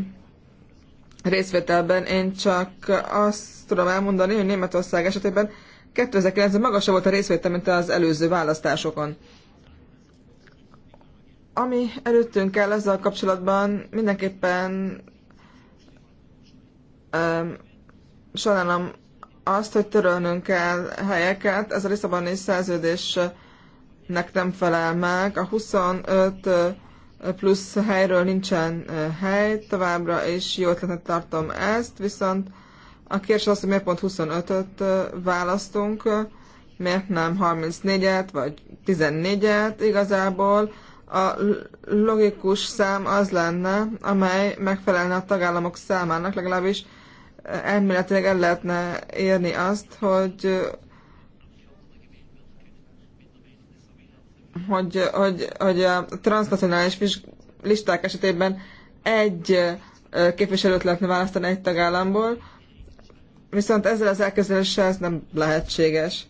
részvételben én csak azt tudom elmondani, hogy Németország esetében 2009-ben magasabb volt a részvétel, mint az előző választásokon. Ami előttünk el ezzel kapcsolatban, mindenképpen um, sajnálom azt, hogy törölnünk kell helyeket. Ez a Lisszaboni szerződésnek nem felel meg. A 25 plusz helyről nincsen hely továbbra, és jó ötletnek tartom ezt, viszont a kérdés az, hogy miért pont 25-öt választunk, miért nem 34-et, vagy 14-et igazából. A logikus szám az lenne, amely megfelelne a tagállamok számának, legalábbis elméletileg el lehetne érni azt, hogy hogy, hogy, hogy a transnacionális listák esetében egy képviselőt lehetne választani egy tagállamból, viszont ezzel az elképzeléssel ez nem lehetséges.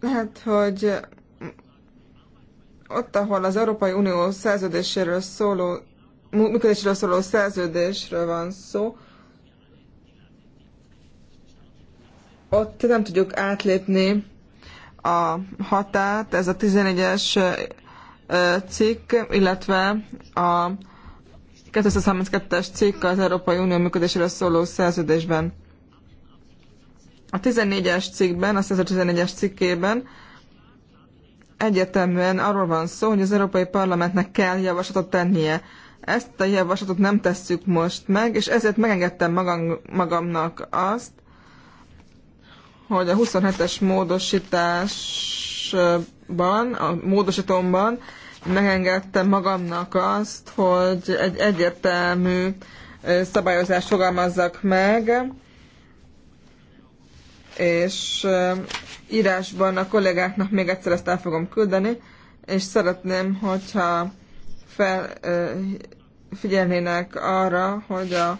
Lehet, hogy ott, ahol az Európai Unió szerződéséről szóló, működéséről szóló szerződésről van szó, ott nem tudjuk átlépni a határt, ez a 11-es cikk, illetve a 232-es cikk az Európai Unió működéséről szóló szerződésben. A 14-es cikkben, a 114-es cikkében egyetemben arról van szó, hogy az Európai Parlamentnek kell javaslatot tennie. Ezt a javaslatot nem tesszük most meg, és ezért megengedtem magam, magamnak azt, hogy a 27-es módosításban, a módosítomban megengedtem magamnak azt, hogy egy egyértelmű szabályozást fogalmazzak meg, és írásban a kollégáknak még egyszer ezt el fogom küldeni, és szeretném, hogyha fel, figyelnének arra, hogy a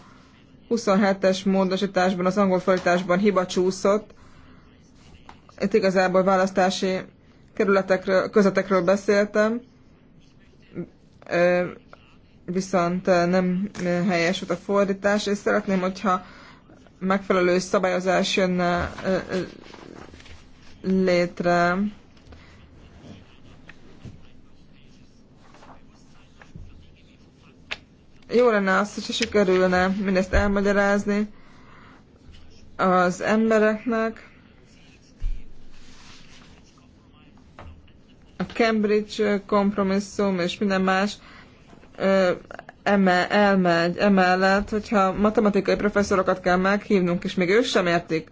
27-es módosításban, az angol fordításban hiba csúszott, itt igazából választási kerületekről, közetekről beszéltem, viszont nem helyes volt a fordítás, és szeretném, hogyha megfelelő szabályozás jönne létre. Jó lenne az, hogyha sikerülne mindezt elmagyarázni az embereknek, a Cambridge kompromisszum és minden más eme, elmegy emellett, hogyha matematikai professzorokat kell meghívnunk, és még ő sem értik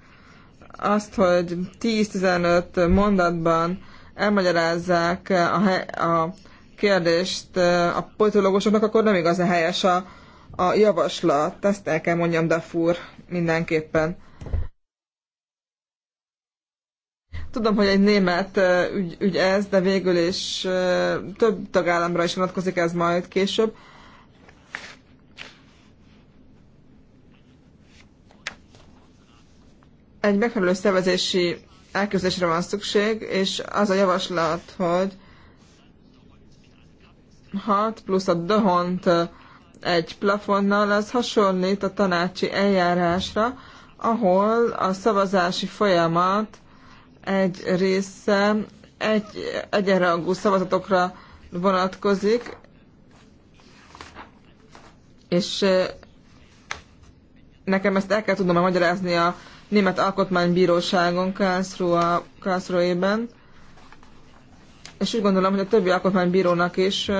azt, hogy 10-15 mondatban elmagyarázzák a, hely, a kérdést a politológusoknak, akkor nem igazán helyes a, a javaslat. Ezt el kell mondjam, de fur mindenképpen. Tudom, hogy egy német ügy, ügy ez, de végül is több tagállamra is vonatkozik ez majd később. Egy megfelelő szervezési elképzelésre van szükség, és az a javaslat, hogy 6 plusz a dohont egy plafonnal, az hasonlít a tanácsi eljárásra, ahol a szavazási folyamat egy része egy egyenrangú szavazatokra vonatkozik, és nekem ezt el kell tudnom magyarázni a Német Alkotmánybíróságon Kászróében, és úgy gondolom, hogy a többi alkotmánybírónak is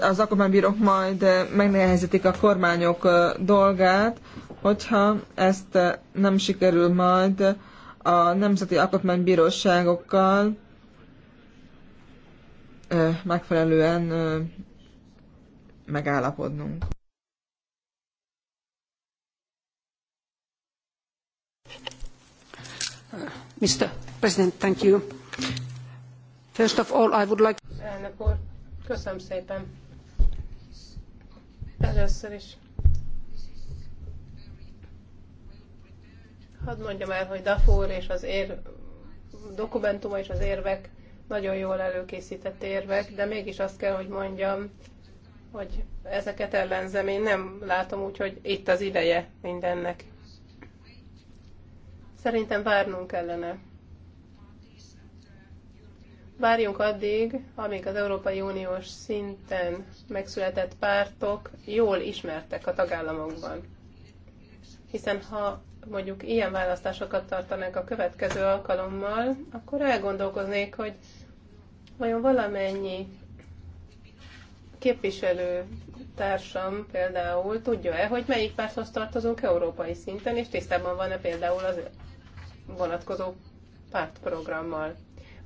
az alkotmánybírók majd megnehezítik a kormányok dolgát, hogyha ezt nem sikerül majd a nemzeti alkotmánybíróságokkal megfelelően megállapodnunk. Mr. President, thank you. First of all, I would like... Elnök úr, köszönöm szépen. Először is Hadd mondjam el, hogy Dafur és az ér dokumentuma és az érvek nagyon jól előkészített érvek, de mégis azt kell, hogy mondjam, hogy ezeket ellenzem, én nem látom úgy, hogy itt az ideje mindennek. Szerintem várnunk kellene. Várjunk addig, amíg az Európai Uniós szinten megszületett pártok jól ismertek a tagállamokban. Hiszen ha mondjuk ilyen választásokat tartanak a következő alkalommal, akkor elgondolkoznék, hogy vajon valamennyi képviselő társam például tudja-e, hogy melyik párthoz tartozunk európai szinten, és tisztában van-e például az vonatkozó pártprogrammal.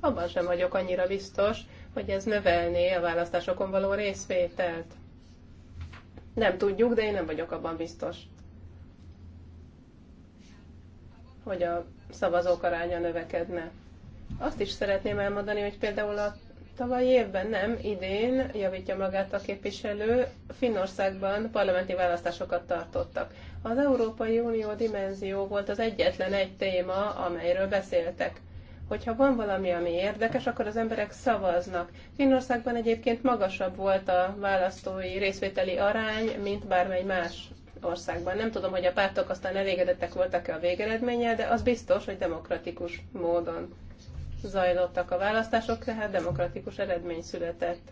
Abban sem vagyok annyira biztos, hogy ez növelné a választásokon való részvételt. Nem tudjuk, de én nem vagyok abban biztos. hogy a szavazók aránya növekedne. Azt is szeretném elmondani, hogy például a tavalyi évben nem, idén javítja magát a képviselő, Finnországban parlamenti választásokat tartottak. Az Európai Unió dimenzió volt az egyetlen egy téma, amelyről beszéltek hogyha van valami, ami érdekes, akkor az emberek szavaznak. Finnországban egyébként magasabb volt a választói részvételi arány, mint bármely más országban. Nem tudom, hogy a pártok aztán elégedettek voltak-e a végeredménnyel, de az biztos, hogy demokratikus módon zajlottak a választások, tehát demokratikus eredmény született.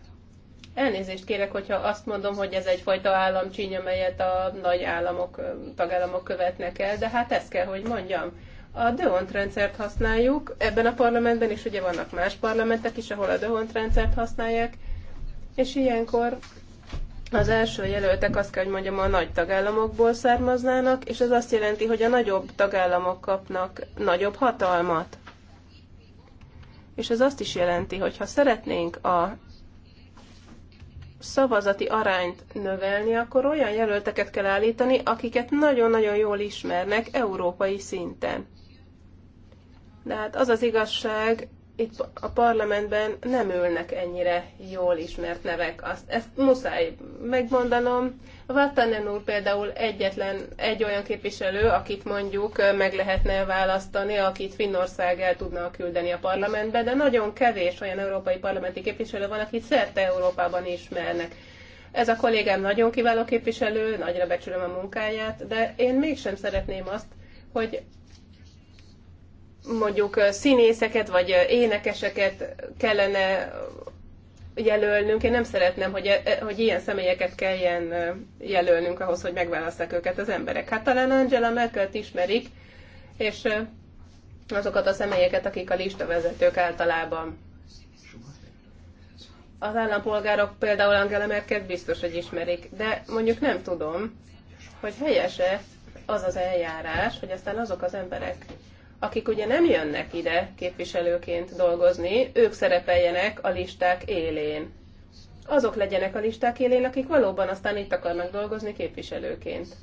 Elnézést kérek, hogyha azt mondom, hogy ez egyfajta államcsíny, amelyet a nagy államok, tagállamok követnek el, de hát ezt kell, hogy mondjam. A Deont rendszert használjuk, ebben a parlamentben is ugye vannak más parlamentek is, ahol a Deont rendszert használják, és ilyenkor az első jelöltek azt kell, hogy mondjam, a nagy tagállamokból származnának, és ez azt jelenti, hogy a nagyobb tagállamok kapnak nagyobb hatalmat. És ez azt is jelenti, hogy ha szeretnénk a szavazati arányt növelni, akkor olyan jelölteket kell állítani, akiket nagyon-nagyon jól ismernek európai szinten. De hát az az igazság, itt a parlamentben nem ülnek ennyire jól ismert nevek. Azt, ezt muszáj megmondanom. Vattanen úr például egyetlen egy olyan képviselő, akit mondjuk meg lehetne választani, akit Finnország el tudna küldeni a parlamentbe, de nagyon kevés olyan európai parlamenti képviselő van, akit szerte Európában ismernek. Ez a kollégám nagyon kiváló képviselő, nagyra becsülöm a munkáját, de én mégsem szeretném azt, hogy mondjuk színészeket vagy énekeseket kellene jelölnünk. Én nem szeretném, hogy, hogy ilyen személyeket kelljen jelölnünk ahhoz, hogy megválasszák őket az emberek. Hát talán Angela merkel ismerik, és azokat a személyeket, akik a listavezetők általában. Az állampolgárok például Angela merkel biztos, hogy ismerik, de mondjuk nem tudom, hogy helyese az az eljárás, hogy aztán azok az emberek, akik ugye nem jönnek ide képviselőként dolgozni, ők szerepeljenek a listák élén. Azok legyenek a listák élén, akik valóban aztán itt akarnak dolgozni képviselőként.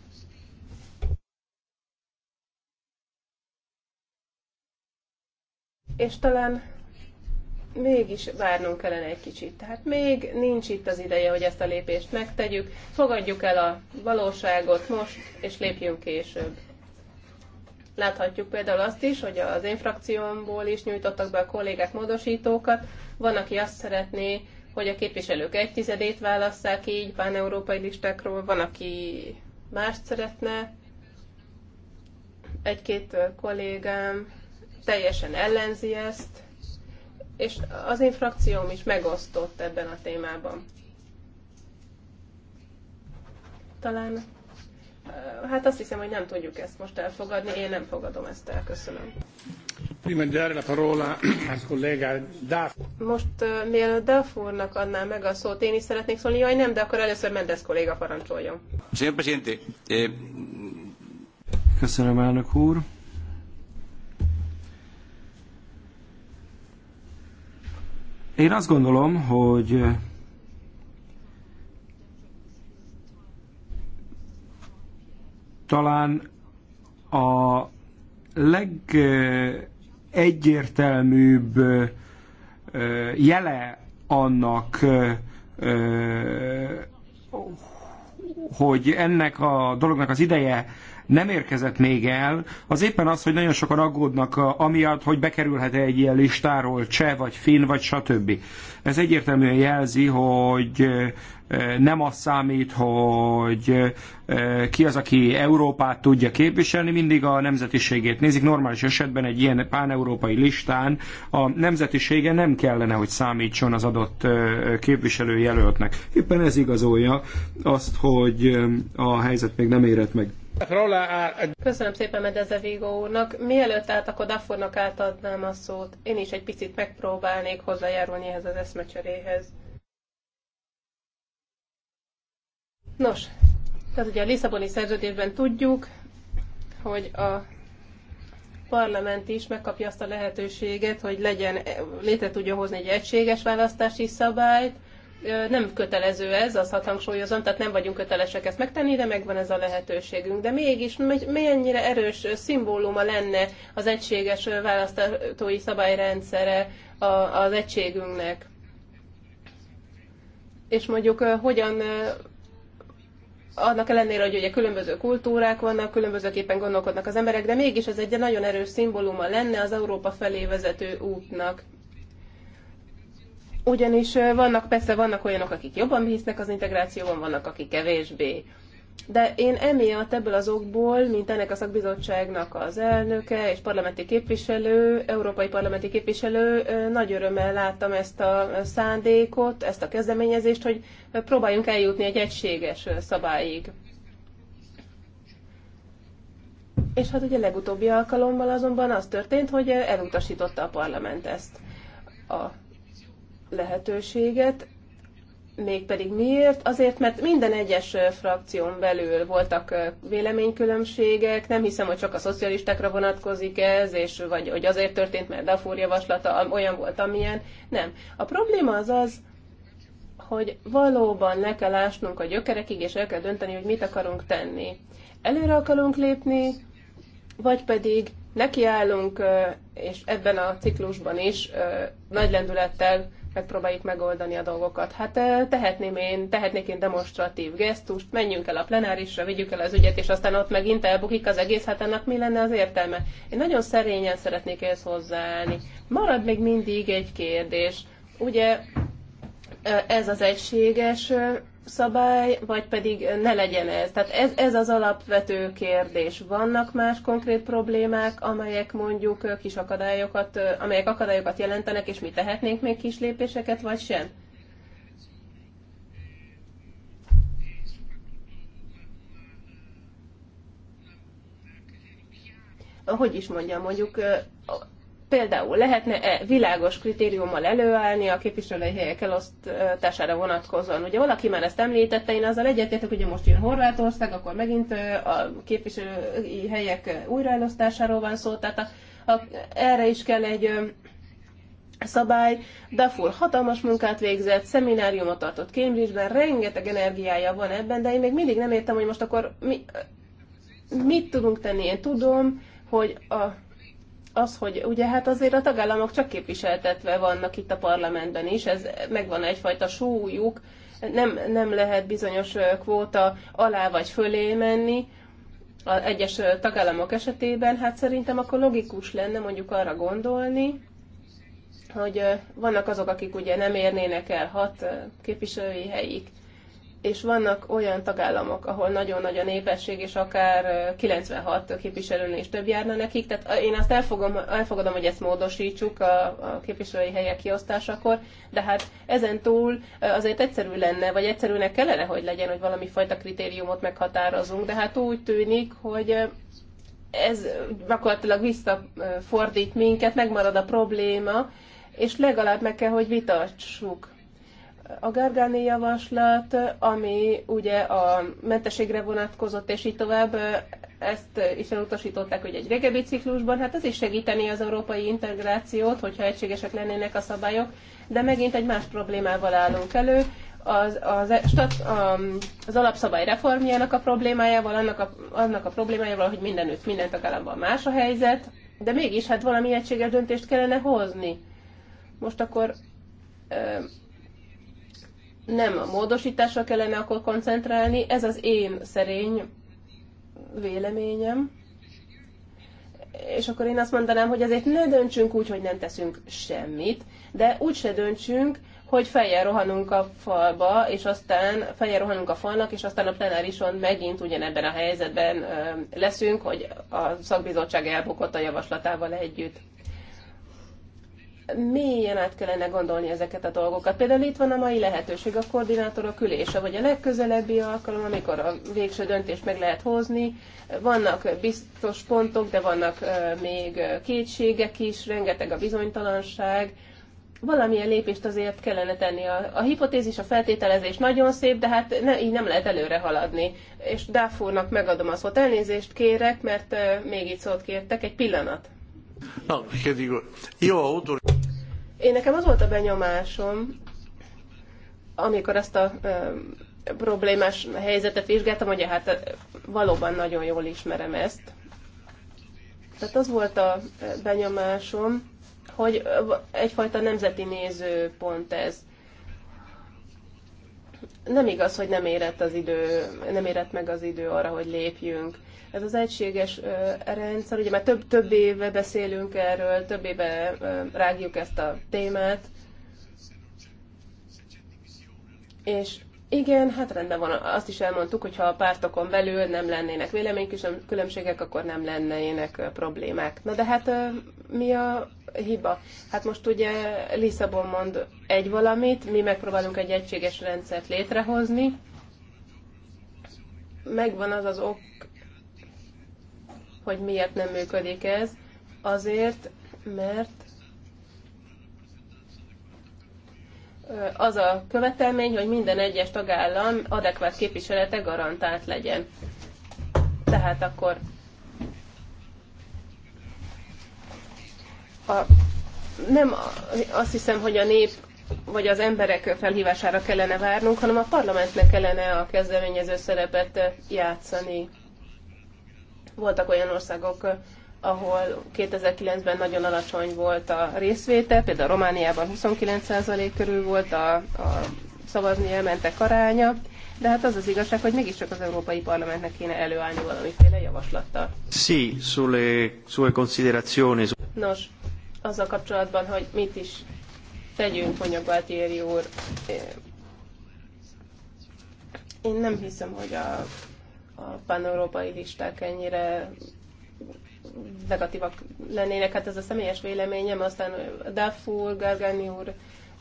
És talán mégis várnunk kellene egy kicsit. Tehát még nincs itt az ideje, hogy ezt a lépést megtegyük. Fogadjuk el a valóságot most, és lépjünk később. Láthatjuk például azt is, hogy az én frakciómból is nyújtottak be a kollégák módosítókat. Van, aki azt szeretné, hogy a képviselők egy tizedét válasszák így pán-európai listákról, van, aki mást szeretne. Egy-két kollégám teljesen ellenzi ezt, és az én frakcióm is megosztott ebben a témában. Talán Hát azt hiszem, hogy nem tudjuk ezt most elfogadni, én nem fogadom ezt el, köszönöm. Most uh, mielőtt Duff adná meg a szót, én is szeretnék szólni, jaj nem, de akkor először Mendes kolléga parancsoljon. Eh, köszönöm, elnök úr. Én azt gondolom, hogy talán a legegyértelműbb jele annak, hogy ennek a dolognak az ideje nem érkezett még el, az éppen az, hogy nagyon sokan aggódnak amiatt, hogy bekerülhet-e egy ilyen listáról cseh, vagy finn, vagy stb. Ez egyértelműen jelzi, hogy nem az számít, hogy ki az, aki Európát tudja képviselni, mindig a nemzetiségét nézik. Normális esetben egy ilyen páneurópai listán a nemzetisége nem kellene, hogy számítson az adott képviselőjelöltnek. Éppen ez igazolja azt, hogy a helyzet még nem érett meg. Köszönöm szépen Medezevigo úrnak. Mielőtt át, akkor Daffurnak átadnám a szót. Én is egy picit megpróbálnék hozzájárulni ehhez az eszmecseréhez. Nos, tehát ugye a Lisszaboni szerződésben tudjuk, hogy a parlament is megkapja azt a lehetőséget, hogy legyen, létre tudja hozni egy egységes választási szabályt, nem kötelező ez, azt hadd hangsúlyozom, tehát nem vagyunk kötelesek ezt megtenni, de megvan ez a lehetőségünk. De mégis mennyire erős szimbóluma lenne az egységes választói szabályrendszere az egységünknek? És mondjuk hogyan annak ellenére, hogy ugye különböző kultúrák vannak, különbözőképpen gondolkodnak az emberek, de mégis ez egy nagyon erős szimbóluma lenne az Európa felé vezető útnak. Ugyanis vannak, persze vannak olyanok, akik jobban hisznek az integrációban, vannak, akik kevésbé. De én emiatt ebből az okból, mint ennek a szakbizottságnak az elnöke és parlamenti képviselő, európai parlamenti képviselő, nagy örömmel láttam ezt a szándékot, ezt a kezdeményezést, hogy próbáljunk eljutni egy egységes szabályig. És hát ugye legutóbbi alkalommal azonban az történt, hogy elutasította a parlament ezt a lehetőséget, mégpedig miért? Azért, mert minden egyes frakción belül voltak véleménykülönbségek, nem hiszem, hogy csak a szocialistákra vonatkozik ez, és vagy hogy azért történt, mert Dafur javaslata olyan volt, amilyen. Nem. A probléma az az, hogy valóban le kell ásnunk a gyökerekig, és el kell dönteni, hogy mit akarunk tenni. Előre akarunk lépni, vagy pedig nekiállunk, és ebben a ciklusban is nagy lendülettel megpróbáljuk megoldani a dolgokat. Hát tehetném én, tehetnék én demonstratív gesztust, menjünk el a plenárisra, vigyük el az ügyet, és aztán ott megint elbukik az egész, hát ennek mi lenne az értelme? Én nagyon szerényen szeretnék ezt hozzáállni. Marad még mindig egy kérdés. Ugye ez az egységes szabály, vagy pedig ne legyen ez. Tehát ez, ez az alapvető kérdés. Vannak más konkrét problémák, amelyek mondjuk kis akadályokat, amelyek akadályokat jelentenek, és mi tehetnénk még kis lépéseket, vagy sem? Hogy is mondjam, mondjuk Például lehetne-e világos kritériummal előállni a képviselői helyek elosztására vonatkozóan? Ugye valaki már ezt említette, én azzal egyetértek, hogy most jön Horvátország, akkor megint a képviselői helyek újraelosztásáról van szó, tehát a, a, erre is kell egy szabály. full hatalmas munkát végzett, szemináriumot tartott Cambridge-ben, rengeteg energiája van ebben, de én még mindig nem értem, hogy most akkor mi, mit tudunk tenni. Én tudom, hogy a az, hogy ugye hát azért a tagállamok csak képviseltetve vannak itt a parlamentben is, ez megvan egyfajta súlyuk, nem, nem lehet bizonyos kvóta alá vagy fölé menni, az egyes tagállamok esetében, hát szerintem akkor logikus lenne mondjuk arra gondolni, hogy vannak azok, akik ugye nem érnének el hat képviselői helyig, és vannak olyan tagállamok, ahol nagyon nagy a népesség, és akár 96 képviselőnél is több járna nekik. Tehát én azt elfogom, elfogadom, hogy ezt módosítsuk a, a képviselői helyek kiosztásakor, de hát ezen túl azért egyszerű lenne, vagy egyszerűnek kellene, hogy legyen, hogy valami fajta kritériumot meghatározunk, de hát úgy tűnik, hogy ez gyakorlatilag visszafordít minket, megmarad a probléma, és legalább meg kell, hogy vitassuk a Gargáni javaslat, ami ugye a mentességre vonatkozott, és így tovább, ezt is elutasították, hogy egy régebbi ciklusban, hát ez is segíteni az európai integrációt, hogyha egységesek lennének a szabályok, de megint egy más problémával állunk elő, az, az, e- az alapszabály reformjának a problémájával, annak a, annak a problémájával, hogy mindenütt, minden tagállamban más a helyzet, de mégis hát valami egységes döntést kellene hozni. Most akkor nem a módosításra kellene akkor koncentrálni, ez az én szerény véleményem. És akkor én azt mondanám, hogy azért ne döntsünk úgy, hogy nem teszünk semmit, de úgy se döntsünk, hogy fejjel rohanunk a falba, és aztán fejjel rohanunk a falnak, és aztán a plenárison megint ugyanebben a helyzetben leszünk, hogy a szakbizottság elbukott a javaslatával együtt mélyen át kellene gondolni ezeket a dolgokat. Például itt van a mai lehetőség, a koordinátorok ülése, vagy a legközelebbi alkalom, amikor a végső döntést meg lehet hozni. Vannak biztos pontok, de vannak még kétségek is, rengeteg a bizonytalanság. Valamilyen lépést azért kellene tenni. A, a hipotézis, a feltételezés nagyon szép, de hát ne, így nem lehet előre haladni. És Dáfúrnak megadom a szót. Elnézést kérek, mert még itt szót kértek. Egy pillanat. Én nekem az volt a benyomásom, amikor ezt a problémás helyzetet vizsgáltam, hogy hát valóban nagyon jól ismerem ezt. Tehát az volt a benyomásom, hogy egyfajta nemzeti nézőpont ez. Nem igaz, hogy nem érett, az idő, nem érett meg az idő arra, hogy lépjünk. Ez az egységes rendszer, ugye már több, több éve beszélünk erről, több éve rágjuk ezt a témát. És igen, hát rendben van, azt is elmondtuk, hogy ha a pártokon belül nem lennének véleménykülönbségek, akkor nem lennének problémák. Na de hát mi a hiba? Hát most ugye Lisszabon mond egy valamit, mi megpróbálunk egy egységes rendszert létrehozni, megvan az az ok, hogy miért nem működik ez. Azért, mert az a követelmény, hogy minden egyes tagállam adekvát képviselete garantált legyen. Tehát akkor a, nem azt hiszem, hogy a nép vagy az emberek felhívására kellene várnunk, hanem a parlamentnek kellene a kezdeményező szerepet játszani. Voltak olyan országok, ahol 2009-ben nagyon alacsony volt a részvétel, például Romániában 29% körül volt a, a szavazni elmentek aránya, de hát az az igazság, hogy mégiscsak az Európai Parlamentnek kéne előállni valamiféle javaslattal. Sí, sulle, sulle considerazioni. Nos, azzal kapcsolatban, hogy mit is tegyünk, mondja Gualtieri úr, én nem hiszem, hogy a a pan-európai listák ennyire negatívak lennének. Hát ez a személyes véleményem, aztán Duffur, Gargani úr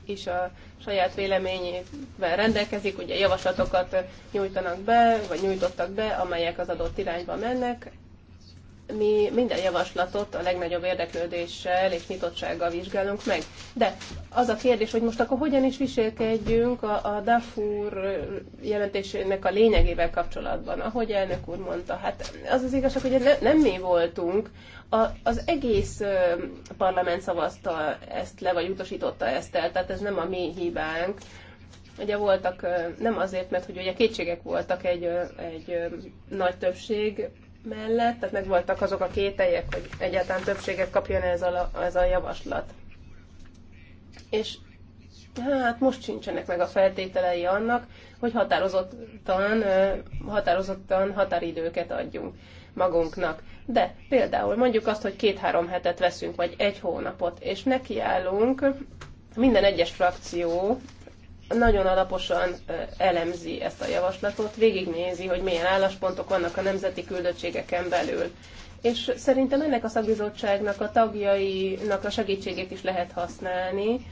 is a saját véleményével rendelkezik, ugye javaslatokat nyújtanak be, vagy nyújtottak be, amelyek az adott irányba mennek, mi minden javaslatot a legnagyobb érdeklődéssel és nyitottsággal vizsgálunk meg. De az a kérdés, hogy most akkor hogyan is viselkedjünk a, a DAFUR jelentésének a lényegével kapcsolatban, ahogy elnök úr mondta. Hát az az igazság, hogy ne, nem mi voltunk, a, az egész parlament szavazta ezt le, vagy utasította ezt el, tehát ez nem a mi hibánk. Ugye voltak, nem azért, mert hogy ugye kétségek voltak egy, egy nagy többség, mellett, tehát megvoltak azok a kételjek, hogy egyáltalán többséget kapjon ez a, ez a javaslat. És hát most sincsenek meg a feltételei annak, hogy határozottan, határozottan határidőket adjunk magunknak. De például mondjuk azt, hogy két-három hetet veszünk, vagy egy hónapot, és nekiállunk minden egyes frakció nagyon alaposan elemzi ezt a javaslatot, végignézi, hogy milyen álláspontok vannak a nemzeti küldöttségeken belül. És szerintem ennek a szakbizottságnak a tagjainak a segítségét is lehet használni,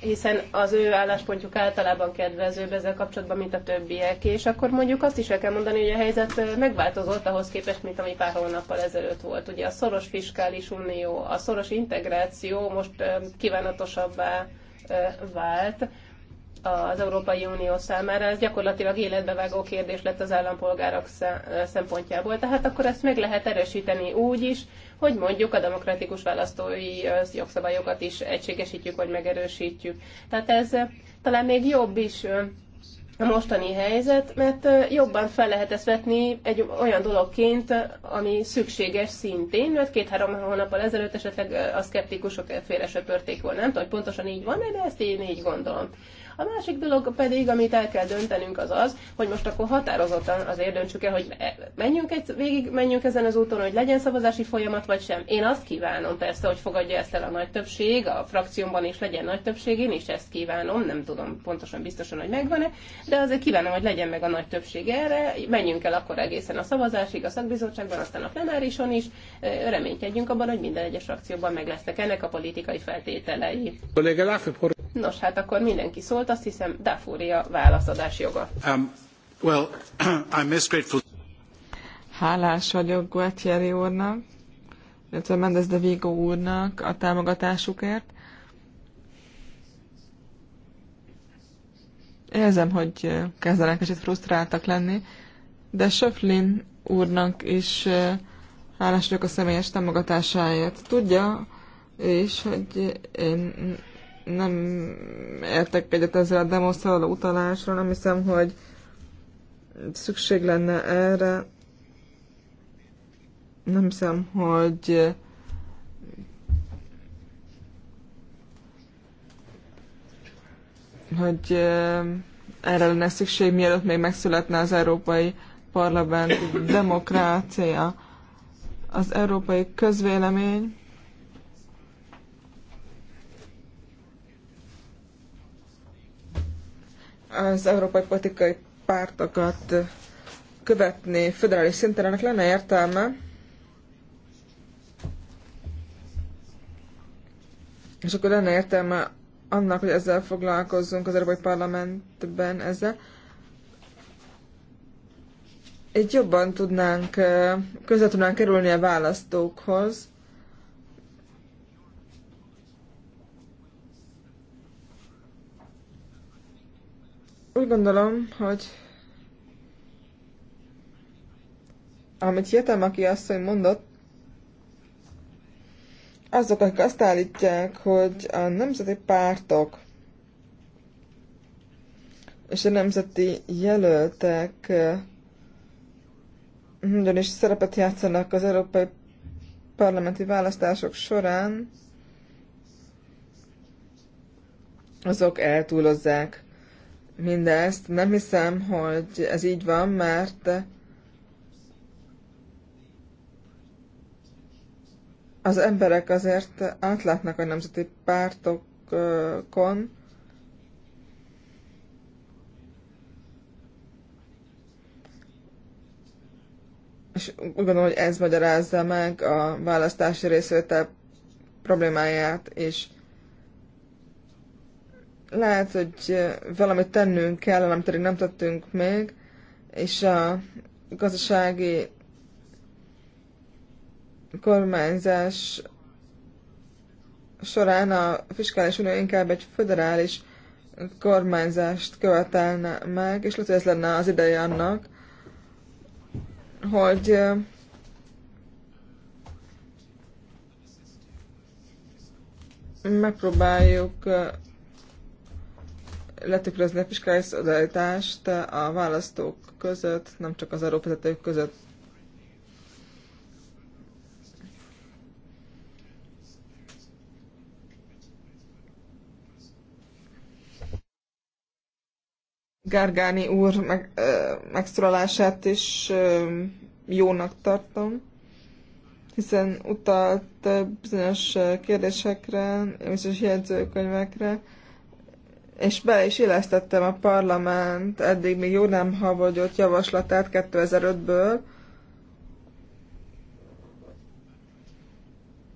hiszen az ő álláspontjuk általában kedvezőbb ezzel kapcsolatban, mint a többiek, és akkor mondjuk azt is el kell mondani, hogy a helyzet megváltozott ahhoz képest, mint ami pár hónappal ezelőtt volt. Ugye a szoros fiskális unió, a szoros integráció most kívánatosabbá vált, az Európai Unió számára, ez gyakorlatilag életbevágó kérdés lett az állampolgárok szempontjából. Tehát akkor ezt meg lehet erősíteni úgy is, hogy mondjuk a demokratikus választói jogszabályokat is egységesítjük vagy megerősítjük. Tehát ez talán még jobb is a mostani helyzet, mert jobban fel lehet ezt vetni egy olyan dologként, ami szükséges szintén, mert két-három hónappal ezelőtt esetleg a szkeptikusok félre söpörték volna. Nem tudom, hogy pontosan így van de ezt én így gondolom. A másik dolog pedig, amit el kell döntenünk, az az, hogy most akkor határozottan azért döntsük el, hogy e, menjünk egy, végig menjünk ezen az úton, hogy legyen szavazási folyamat, vagy sem. Én azt kívánom persze, hogy fogadja ezt el a nagy többség, a frakciómban is legyen nagy többség, én is ezt kívánom, nem tudom pontosan biztosan, hogy megvan-e, de azért kívánom, hogy legyen meg a nagy többség erre, menjünk el akkor egészen a szavazásig, a szakbizottságban, aztán a plenárison is, e, reménykedjünk abban, hogy minden egyes frakcióban meg lesznek ennek a politikai feltételei. Nos, hát akkor mindenki szólt, volt, azt hiszem Dafúria válaszadás joga. Um, well, I'm Hálás vagyok Guatieri úrnak, illetve Mendez de Vigo úrnak a támogatásukért. Érzem, hogy kezdenek kicsit frusztráltak lenni, de Söflin úrnak is eh, hálás vagyok a személyes támogatásáért. Tudja, és hogy én nem értek egyet ezzel a demonstráló utalásra, nem hiszem, hogy szükség lenne erre. Nem hiszem, hogy hogy erre lenne szükség, mielőtt még megszületne az Európai Parlament demokrácia. Az európai közvélemény az európai politikai pártokat követni föderális szinten, ennek lenne értelme. És akkor lenne értelme annak, hogy ezzel foglalkozzunk az Európai Parlamentben ezzel. Egy jobban tudnánk, közel tudnánk kerülni a választókhoz, Úgy gondolom, hogy amit Jetem, aki azt, hogy mondott, azok, akik azt állítják, hogy a nemzeti pártok és a nemzeti jelöltek eh, nagyon is szerepet játszanak az európai parlamenti választások során, azok eltúlozzák mindezt. Nem hiszem, hogy ez így van, mert az emberek azért átlátnak a nemzeti pártokon, és úgy gondolom, hogy ez magyarázza meg a választási részvétel problémáját is lehet, hogy valamit tennünk kell, amit pedig nem tettünk még, és a gazdasági kormányzás során a fiskális unió inkább egy föderális kormányzást követelne meg, és lehet, hogy ez lenne az ideje annak, hogy megpróbáljuk letükrözni a fiskális szolidaritást a választók között, nem csak az adófizetők között. Gárgáni úr meg, ö, megszólalását is ö, jónak tartom, hiszen utalt bizonyos kérdésekre, és jegyzőkönyvekre, és be is illesztettem a parlament eddig még jó nem havagyott javaslatát 2005-ből,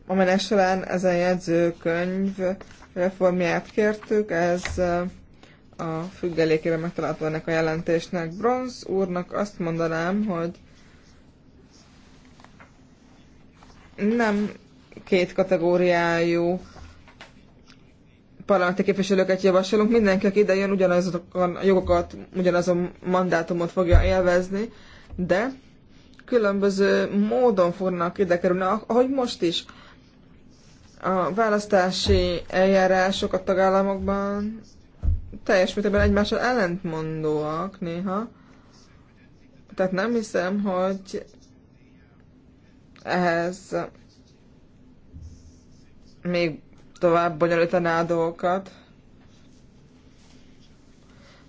amelynek során a jegyzőkönyv reformját kértük, ez eh, a függelékére megtalálható ennek a jelentésnek. Bronz úrnak azt mondanám, hogy nem két kategóriájú parlamenti képviselőket javasolunk, mindenki, aki ide jön, ugyanazokon a jogokat, ugyanazon mandátumot fogja élvezni, de különböző módon fognak ide kerülni, ah, ahogy most is. A választási eljárások a tagállamokban teljes mértékben egymással ellentmondóak néha. Tehát nem hiszem, hogy ehhez még tovább bonyolítaná a dolgokat.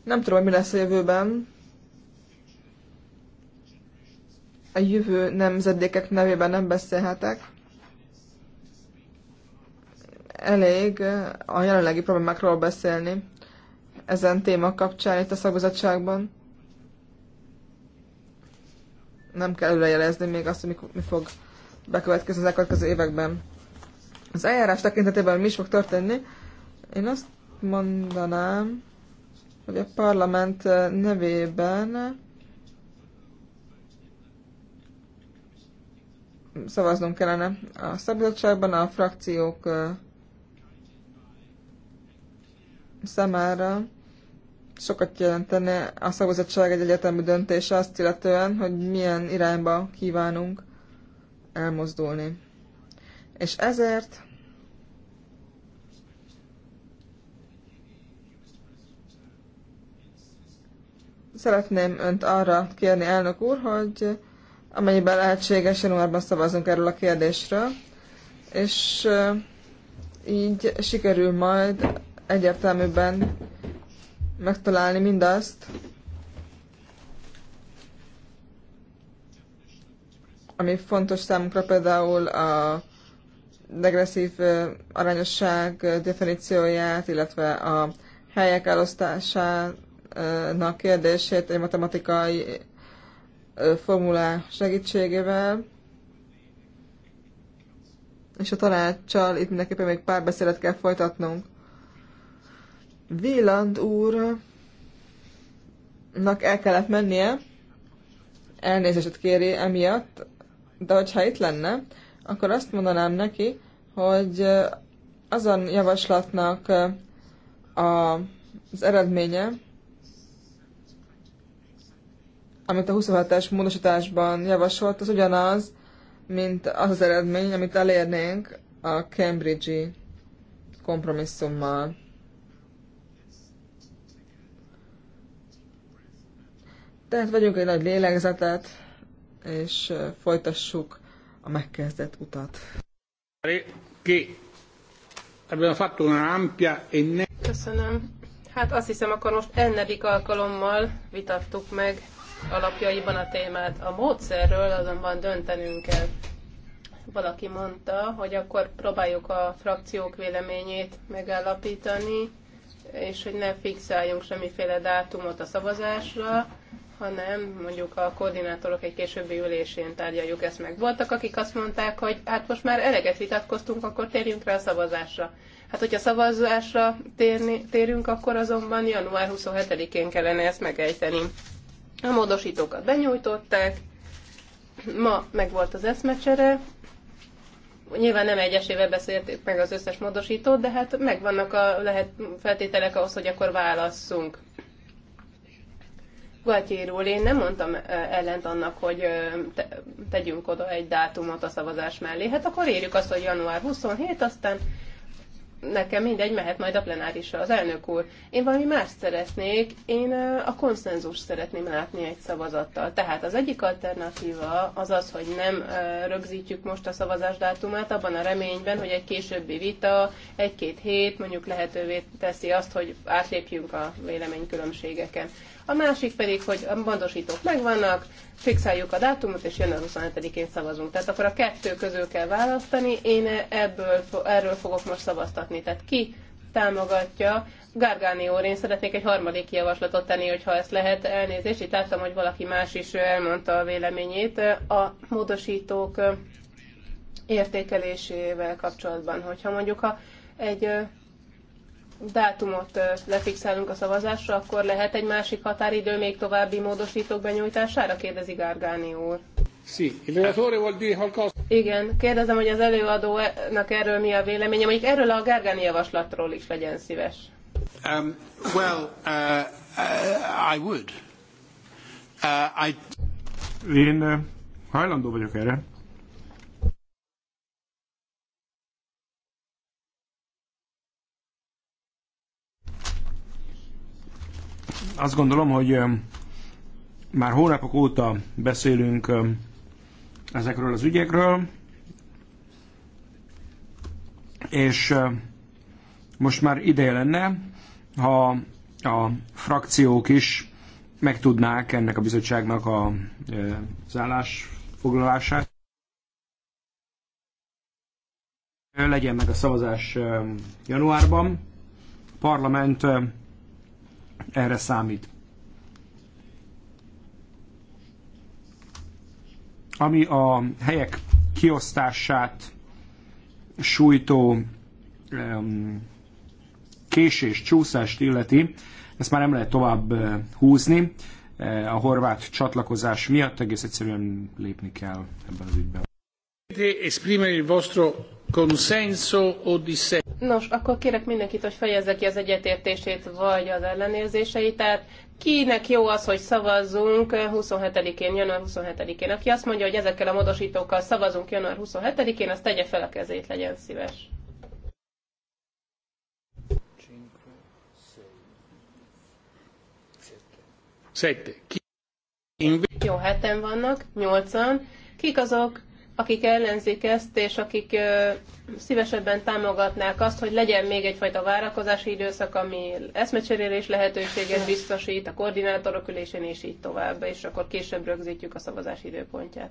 Nem tudom, hogy mi lesz a jövőben. A jövő nemzedékek nevében nem beszélhetek. Elég eh, a jelenlegi problémákról beszélni ezen téma kapcsán itt a szakbizottságban. Nem kell előrejelezni még azt, hogy mi fog bekövetkezni az elkövetkező években. Az eljárás tekintetében mi is fog történni? Én azt mondanám, hogy a parlament eh, nevében szavaznunk kellene a szabadságban, a frakciók eh, számára sokat jelentene a szavazatság egy egyetemű döntése azt illetően, hogy milyen irányba kívánunk elmozdulni. És ezért szeretném önt arra kérni, elnök úr, hogy amennyiben lehetséges, januárban szavazunk erről a kérdésről, és így sikerül majd egyértelműben megtalálni mindazt, ami fontos számunkra például a degresszív arányosság definícióját, illetve a helyek elosztásának kérdését egy matematikai formulá segítségével. És a tanácssal itt mindenképpen még pár beszélet kell folytatnunk. Wieland úrnak el kellett mennie, elnézést kéri emiatt, de hogyha itt lenne, akkor azt mondanám neki, hogy azon javaslatnak a, az eredménye, amit a 26 es módosításban javasolt, az ugyanaz, mint az az eredmény, amit elérnénk a Cambridge-i kompromisszummal. Tehát vegyünk egy nagy lélegzetet, és folytassuk a megkezdett utat. E Köszönöm. Hát azt hiszem, akkor most ennedik alkalommal vitattuk meg alapjaiban a témát. A módszerről azonban döntenünk kell. Valaki mondta, hogy akkor próbáljuk a frakciók véleményét megállapítani, és hogy ne fixáljunk semmiféle dátumot a szavazásra, hanem mondjuk a koordinátorok egy későbbi ülésén tárgyaljuk ezt meg. Voltak, akik azt mondták, hogy hát most már eleget vitatkoztunk, akkor térjünk rá a szavazásra. Hát, hogyha szavazásra térni, térünk, akkor azonban január 27-én kellene ezt megejteni. A módosítókat benyújtották, ma megvolt az eszmecsere, nyilván nem egyesével beszélték meg az összes módosítót, de hát megvannak a lehet feltételek ahhoz, hogy akkor válasszunk. Gatyéról én nem mondtam ellent annak, hogy tegyünk oda egy dátumot a szavazás mellé. Hát akkor írjuk azt, hogy január 27, aztán nekem mindegy, mehet majd a plenárisra az elnök úr. Én valami más szeretnék, én a konszenzus szeretném látni egy szavazattal. Tehát az egyik alternatíva az az, hogy nem rögzítjük most a szavazás dátumát, abban a reményben, hogy egy későbbi vita, egy-két hét mondjuk lehetővé teszi azt, hogy átlépjünk a véleménykülönbségeken a másik pedig, hogy a módosítók megvannak, fixáljuk a dátumot, és jön a 27-én szavazunk. Tehát akkor a kettő közül kell választani, én ebből, erről fogok most szavaztatni. Tehát ki támogatja. Gargani úr, én szeretnék egy harmadik javaslatot tenni, hogyha ezt lehet elnézést. Itt láttam, hogy valaki más is elmondta a véleményét a módosítók értékelésével kapcsolatban. Hogyha mondjuk ha egy dátumot lefixálunk a szavazásra, akkor lehet egy másik határidő még további módosítók benyújtására? Kérdezi Gárgáni úr. Igen, kérdezem, hogy az előadónak erről mi a véleménye, mondjuk erről a Gárgáni javaslatról is legyen szíves. Um, well, uh, uh, I would. Uh, I... Én uh, hajlandó vagyok erre. Azt gondolom, hogy um, már hónapok óta beszélünk um, ezekről az ügyekről, és uh, most már ideje lenne, ha a frakciók is megtudnák ennek a bizottságnak a, uh, az foglalását. Legyen meg a szavazás um, januárban. A parlament uh, erre számít. Ami a helyek kiosztását sújtó késés, csúszást illeti, ezt már nem lehet tovább eh, húzni. Eh, a horvát csatlakozás miatt egész egyszerűen lépni kell ebben az ügyben. Nos, akkor kérek mindenkit, hogy fejezze ki az egyetértését, vagy az ellenérzéseit. Tehát kinek jó az, hogy szavazzunk 27-én, január 27-én. Aki azt mondja, hogy ezekkel a módosítókkal szavazunk január 27-én, az tegye fel a kezét, legyen szíves. Jó, heten vannak, nyolcan. Kik azok, akik ellenzik ezt, és akik szívesebben támogatnák azt, hogy legyen még egyfajta várakozási időszak, ami eszmecserélés lehetőséget biztosít a koordinátorok ülésén, és így tovább, és akkor később rögzítjük a szavazás időpontját.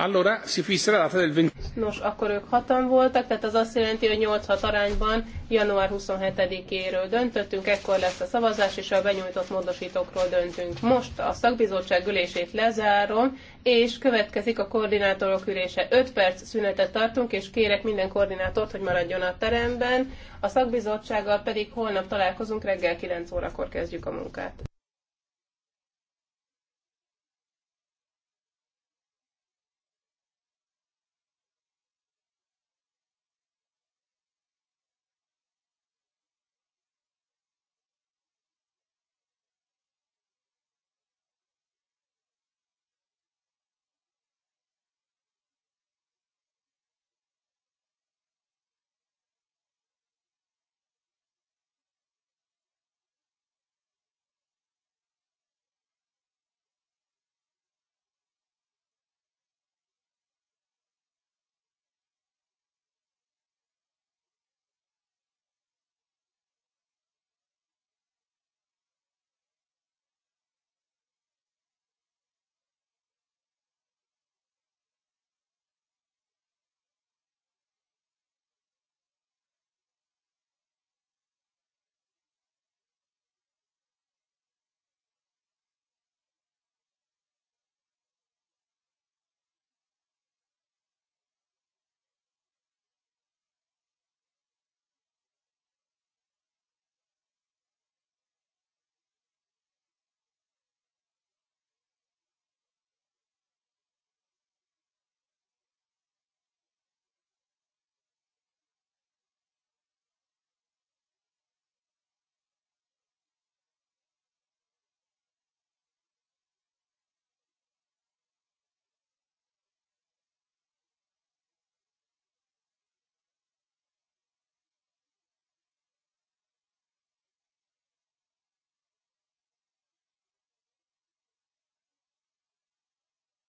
Allora si fissa la data del 20. Nos, akkor ők hatan voltak, tehát az azt jelenti, hogy 8-6 arányban január 27-éről döntöttünk, ekkor lesz a szavazás, és a benyújtott módosítókról döntünk. Most a szakbizottság ülését lezárom, és következik a koordinátorok ülése. 5 perc szünetet tartunk, és kérek minden koordinátort, hogy maradjon a teremben. A szakbizottsággal pedig holnap találkozunk, reggel 9 órakor kezdjük a munkát.